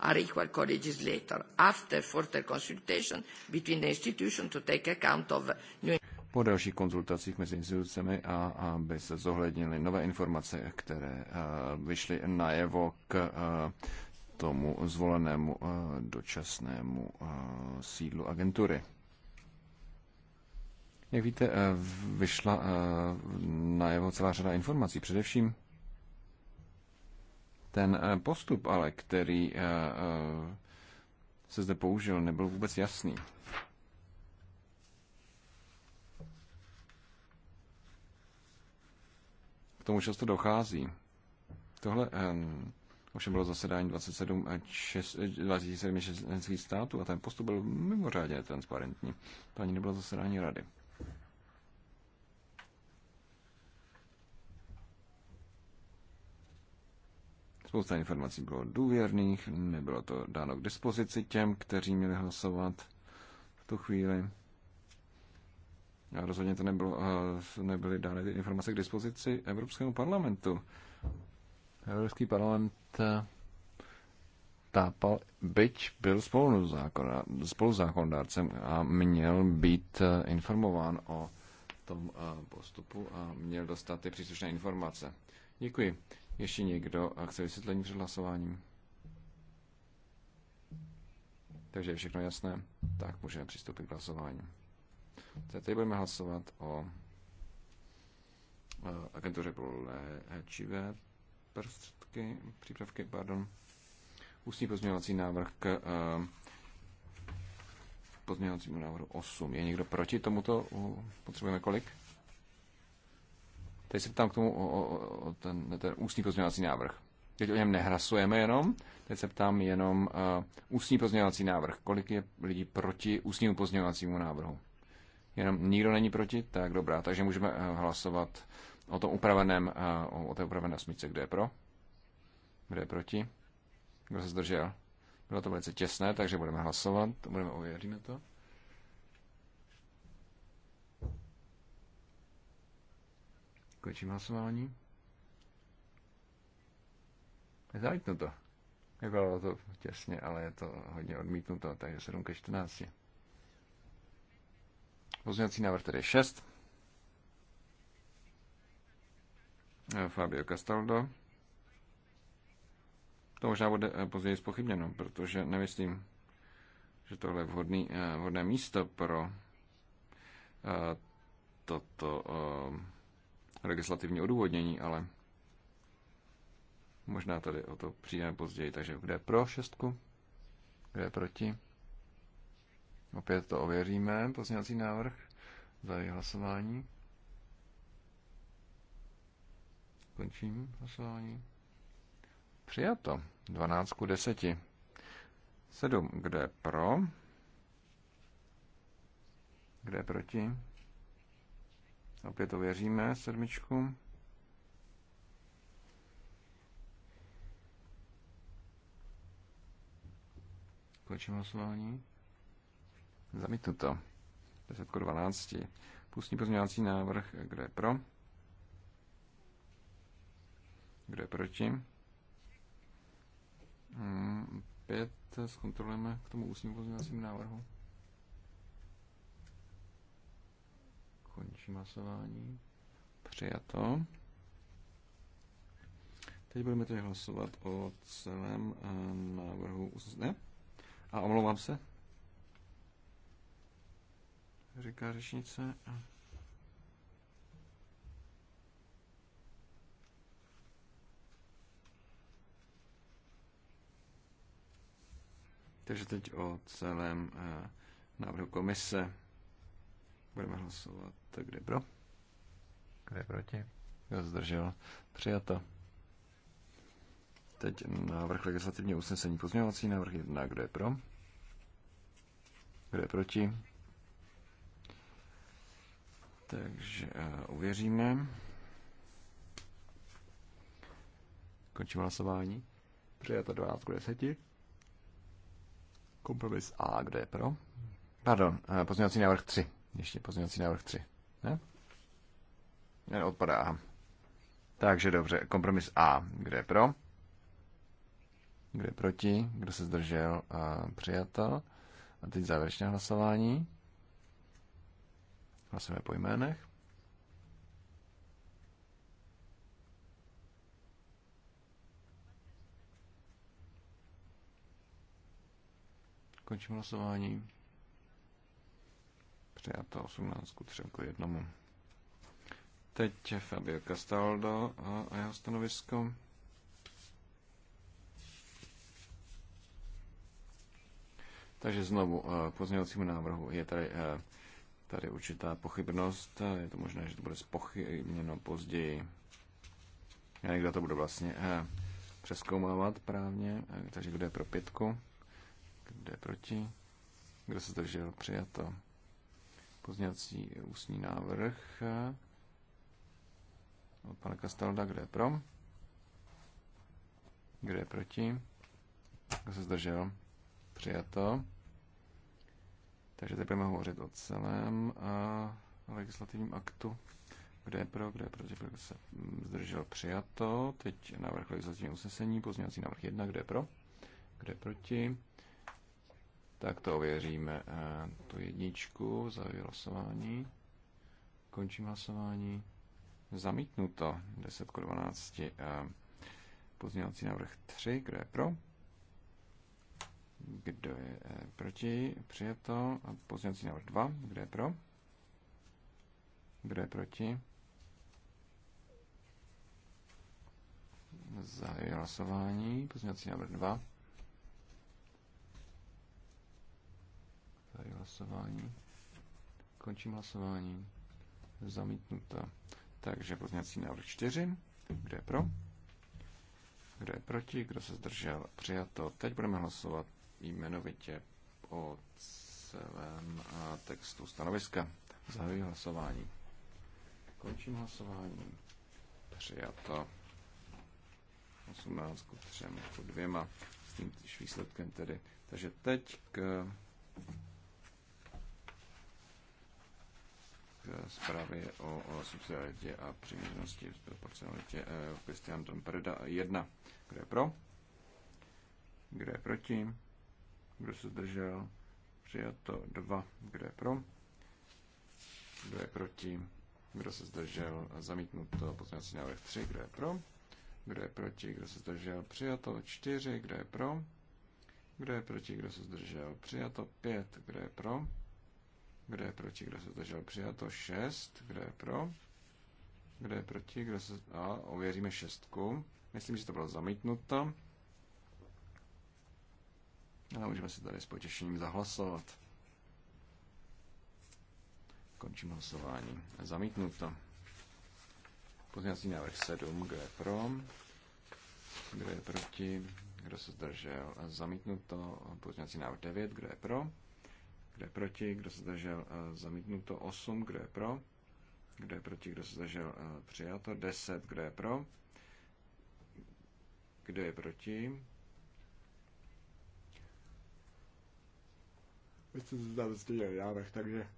are equal co-legislator after further consultation between the institutions to take account of new po dalších konzultacích mezi institucemi a aby se zohlednili nové informace, které eh, vyšly najevo k eh, tomu zvolenému eh, dočasnému sídlu agentury. Jak víte, vyšla najevo celá řada informací. Především ten postup, ale který se zde použil, nebyl vůbec jasný. K tomu často dochází. Tohle um, ovšem bylo zasedání 27 a členských států a ten postup byl mimořádně transparentní. To ani nebylo zasedání rady. Spousta informací bylo důvěrných, nebylo to dáno k dispozici těm, kteří měli hlasovat v tu chvíli rozhodně to nebylo, nebyly dány ty informace k dispozici Evropskému parlamentu. Evropský parlament eh, tápal, byť byl zákonodárcem a měl být eh, informován o tom eh, postupu a měl dostat ty příslušné informace. Děkuji. Ještě někdo a chce vysvětlení před hlasováním? Takže je všechno jasné, tak můžeme přistoupit k hlasování. Tady budeme hlasovat o agentuře pro léčivé prostředky, přípravky, pardon, ústní pozměňovací návrh k eh, pozměňovacímu návrhu 8. Je někdo proti tomuto? Potřebujeme kolik? Teď se ptám k tomu o, o, o ten, ten ústní pozměňovací návrh. Teď o něm nehrasujeme jenom, teď se ptám jenom uh, ústní pozměňovací návrh. Kolik je lidí proti ústnímu pozměňovacímu návrhu? Jenom nikdo není proti? Tak dobrá, takže můžeme eh, hlasovat o tom upraveném, eh, o té upravené osmičce, kde je pro, kde je proti, kdo se zdržel. Bylo to velice těsné, takže budeme hlasovat, budeme ověříme to. Končím hlasování. to. Nebylo to těsně, ale je to hodně odmítnuto, takže 7 ke 14. Pozměňovací návrh tedy 6. Fabio Castaldo. To možná bude eh, později spochybněno, protože nemyslím, že tohle je vhodný, eh, vhodné místo pro eh, toto legislativní odůvodnění, ale možná tady o to přijdeme později. Takže kde je pro šestku? Kde je proti? Opět to ověříme, pozměňovací návrh, za hlasování. Končím hlasování. Přijato. 12 ku 10. 7. Kdo je pro? Kdo je proti? Opět ověříme sedmičku. Končím hlasování. Zamítnuto. 10 k 12. Pustní pozměňovací návrh. Kdo je pro? Kdo je proti? Hmm, pět zkontrolujeme k tomu ústnímu pozměňovacímu návrhu. Končím hlasování. Přijato. Teď budeme tedy hlasovat o celém eh, návrhu. Ne? A omlouvám se, říká řečnice. Takže teď o celém eh, návrhu komise budeme hlasovat. Kde pro? Kde proti? Kdo zdržel? Přijato. Teď návrh legislativního usnesení pozměňovací návrh 1. Kdo je pro? Kdo je proti? Takže uh, eh, uvěříme. Končím hlasování. Přijato 12 k 10. Kompromis A, kde je pro? Pardon, uh, pozměňovací návrh 3. Ještě pozměňovací návrh 3. Ne? Ne, odpadá. Takže dobře, kompromis A, kde je pro? Kde je proti? Kdo se zdržel? Uh, Přijato. A teď závěrečné hlasování. Hlasujeme po jménech. Končím hlasování. Přijato 18 k 3 k 1. Teď Fabio Castaldo a jeho stanovisko. Takže znovu eh, k pozměňovacímu návrhu je tady eh, tady určitá pochybnost, je to možné, že to bude zpochybněno později. Já někdo to budu vlastně eh, přeskoumávat právně, eh, takže kdo je pro pětku, kdo je proti, kdo se držel, přijato. Pozněcí ústní návrh eh, od pana Kastalda, kdo je pro, kdo je proti, kdo se zdržel, přijato. Takže teď budeme hovořit o celém uh, legislativním aktu. Kde je pro, kde je proti, kdo se mm, zdržel přijato. Teď návrh legislativního usnesení, pozměňovací návrh 1, kde je pro, kde je proti. Tak to ověříme uh, tu jedničku, zahajuji hlasování, končím hlasování. Zamítnuto 10 k 12. Uh, Pozměňovací návrh 3, kde je pro, kdo je eh, proti? Přijato. A pozměňovací návrh 2. Kdo je pro? Kdo je proti? Zahajuji hlasování. Pozměňovací návrh 2. Zahajuji hlasování. Končím hlasování. Zamítnuto. Takže pozměňovací návrh 4. Kdo je pro? Kdo je proti? Kdo se zdržel? Přijato. Teď budeme hlasovat jmenovitě o celém textu stanoviska. Zahajuji hlasování. Končím hlasování. Přijato 18 k 3 k 2 s tím výsledkem tedy. Takže teď k, k zprávě o, o subsidiaritě a přiměřenosti v proporcionalitě Kristian eh, Trumperda 1. Kdo je pro? Kdo je proti? Kdo se zdržel? Přijato 2. Kdo je pro? Kdo je proti? Kdo se zdržel? Zamítnuto pozměňovací návrh 3. Kdo je pro? Kdo je proti? Kdo se zdržel? Přijato 4. Kdo je pro? Kdo je proti? Kdo se zdržel? Přijato 5. Kdo je pro? Kdo je proti? Kdo se zdržel? Přijato 6. Kdo je pro? Kdo je proti? Kdo se... A ověříme šestku. Myslím, že to bylo zamítnuto. Ale můžeme si tady s potěšením zahlasovat. Končím hlasování. Zamítnuto. Pozměňovací návrh 7. Kdo je pro? Kdo je proti? Kdo se zdržel? Zamítnuto. Pozměňovací návrh 9. Kdo je pro? Kdo je proti? Kdo se zdržel? Zamítnuto. 8. Kdo je pro? Kdo je proti? Kdo se zdržel? Přijato. 10. Kdo je pro? Kdo je proti? Vy jste zda vysvětlili návrh, takže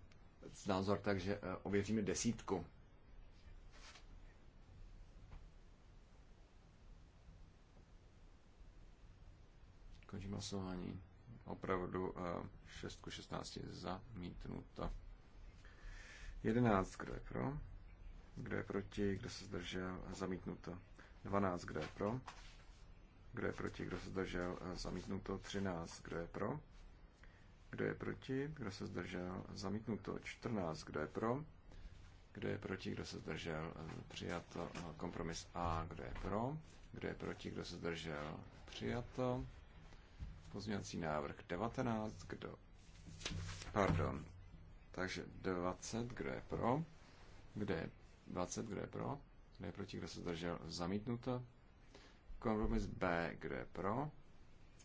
názor, takže eh, ověříme desítku. Končím hlasování. Opravdu 6 ku 16 zamítnuto. 11, kdo je pro? Kdo je proti? Kdo se zdržel? Eh, zamítnuto. 12, kdo je pro? Kdo je proti? Kdo se zdržel? Eh, zamítnuto. 13, kdo je pro? Kdo je proti? Kdo se zdržel? Zamítnuto. 14. Kdo je pro? Kdo je proti? Kdo se zdržel? Přijato. Kompromis A. Kdo je pro? Kdo je proti? Kdo se zdržel? Přijato. Pozměňovací návrh 19. Kdo? Pardon. Takže 20. Kdo je pro? Kdo je 20? Kdo je pro? Kdo je proti? Kdo se zdržel? Zamítnuto. Kompromis B. Kdo je pro?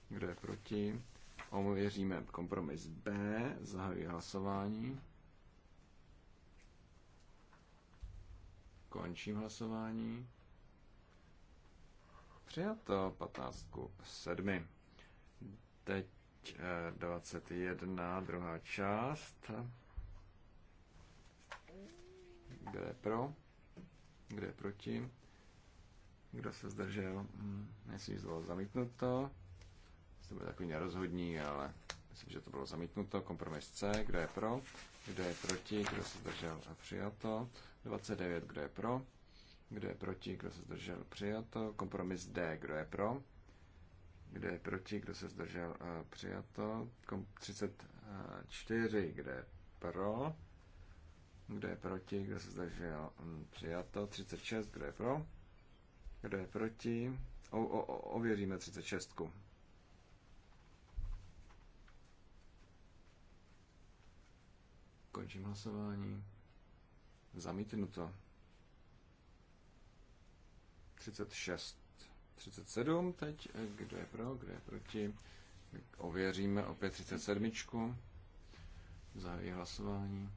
Kdo je proti? Ověříme kompromis B, zahajuji hlasování. Končím hlasování. Přijato 15 ku 7. Teď 21, eh, druhá část. Kde je pro? Kde je proti? Kdo se zdržel? Hm, jestli bylo zamítnuto to bylo takový nerozhodní, ale myslím, že to bylo zamítnuto. Kompromis C, kdo je pro, kdo je proti, kdo se zdržel a přijato. 29, kdo je pro, kdo je proti, kdo se zdržel přijato. Kompromis D, kdo je pro, kdo je proti, kdo se zdržel a přijato. Kom 34, kdo je pro, kdo je proti, kdo se zdržel přijato. 36, kdo je pro, kdo je proti. O, o, ověříme 36. Končím hlasování. Zamítnuto. 36. 37 teď. Kdo je pro, kdo je proti? Ověříme opět 37. Zahajuji hlasování.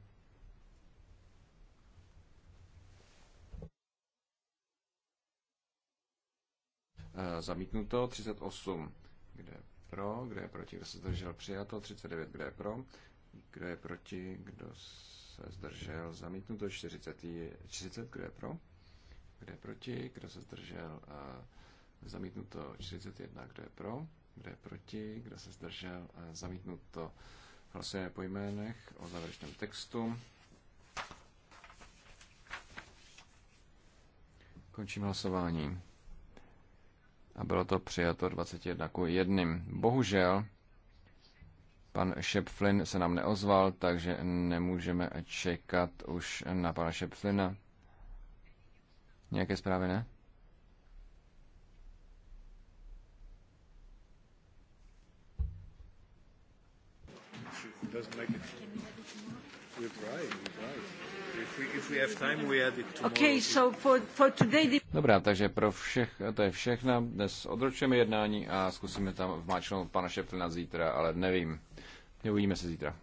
Eh, zamítnuto 38. Kde je pro, kde je proti, kdo se zdržel přijato, 39, kde je pro, kdo je proti? Kdo se zdržel? Zamítnuto 40. 40. Kdo je pro? Kdo je proti? Kdo se zdržel? A zamítnuto 41. Kdo je pro? Kdo je proti? Kdo se zdržel? A zamítnuto hlasujeme po jménech o závěrečném textu. Končím hlasování. A bylo to přijato 21 k 1. Bohužel, Pan Šepflin se nám neozval, takže nemůžeme čekat už na pana Šepflina. Nějaké zprávy, ne? Dobrá, takže pro všech, to je všechno. Dnes odročíme jednání a zkusíme tam vmáčnout pana Šeplina zítra, ale nevím. Uvidíme se zítra.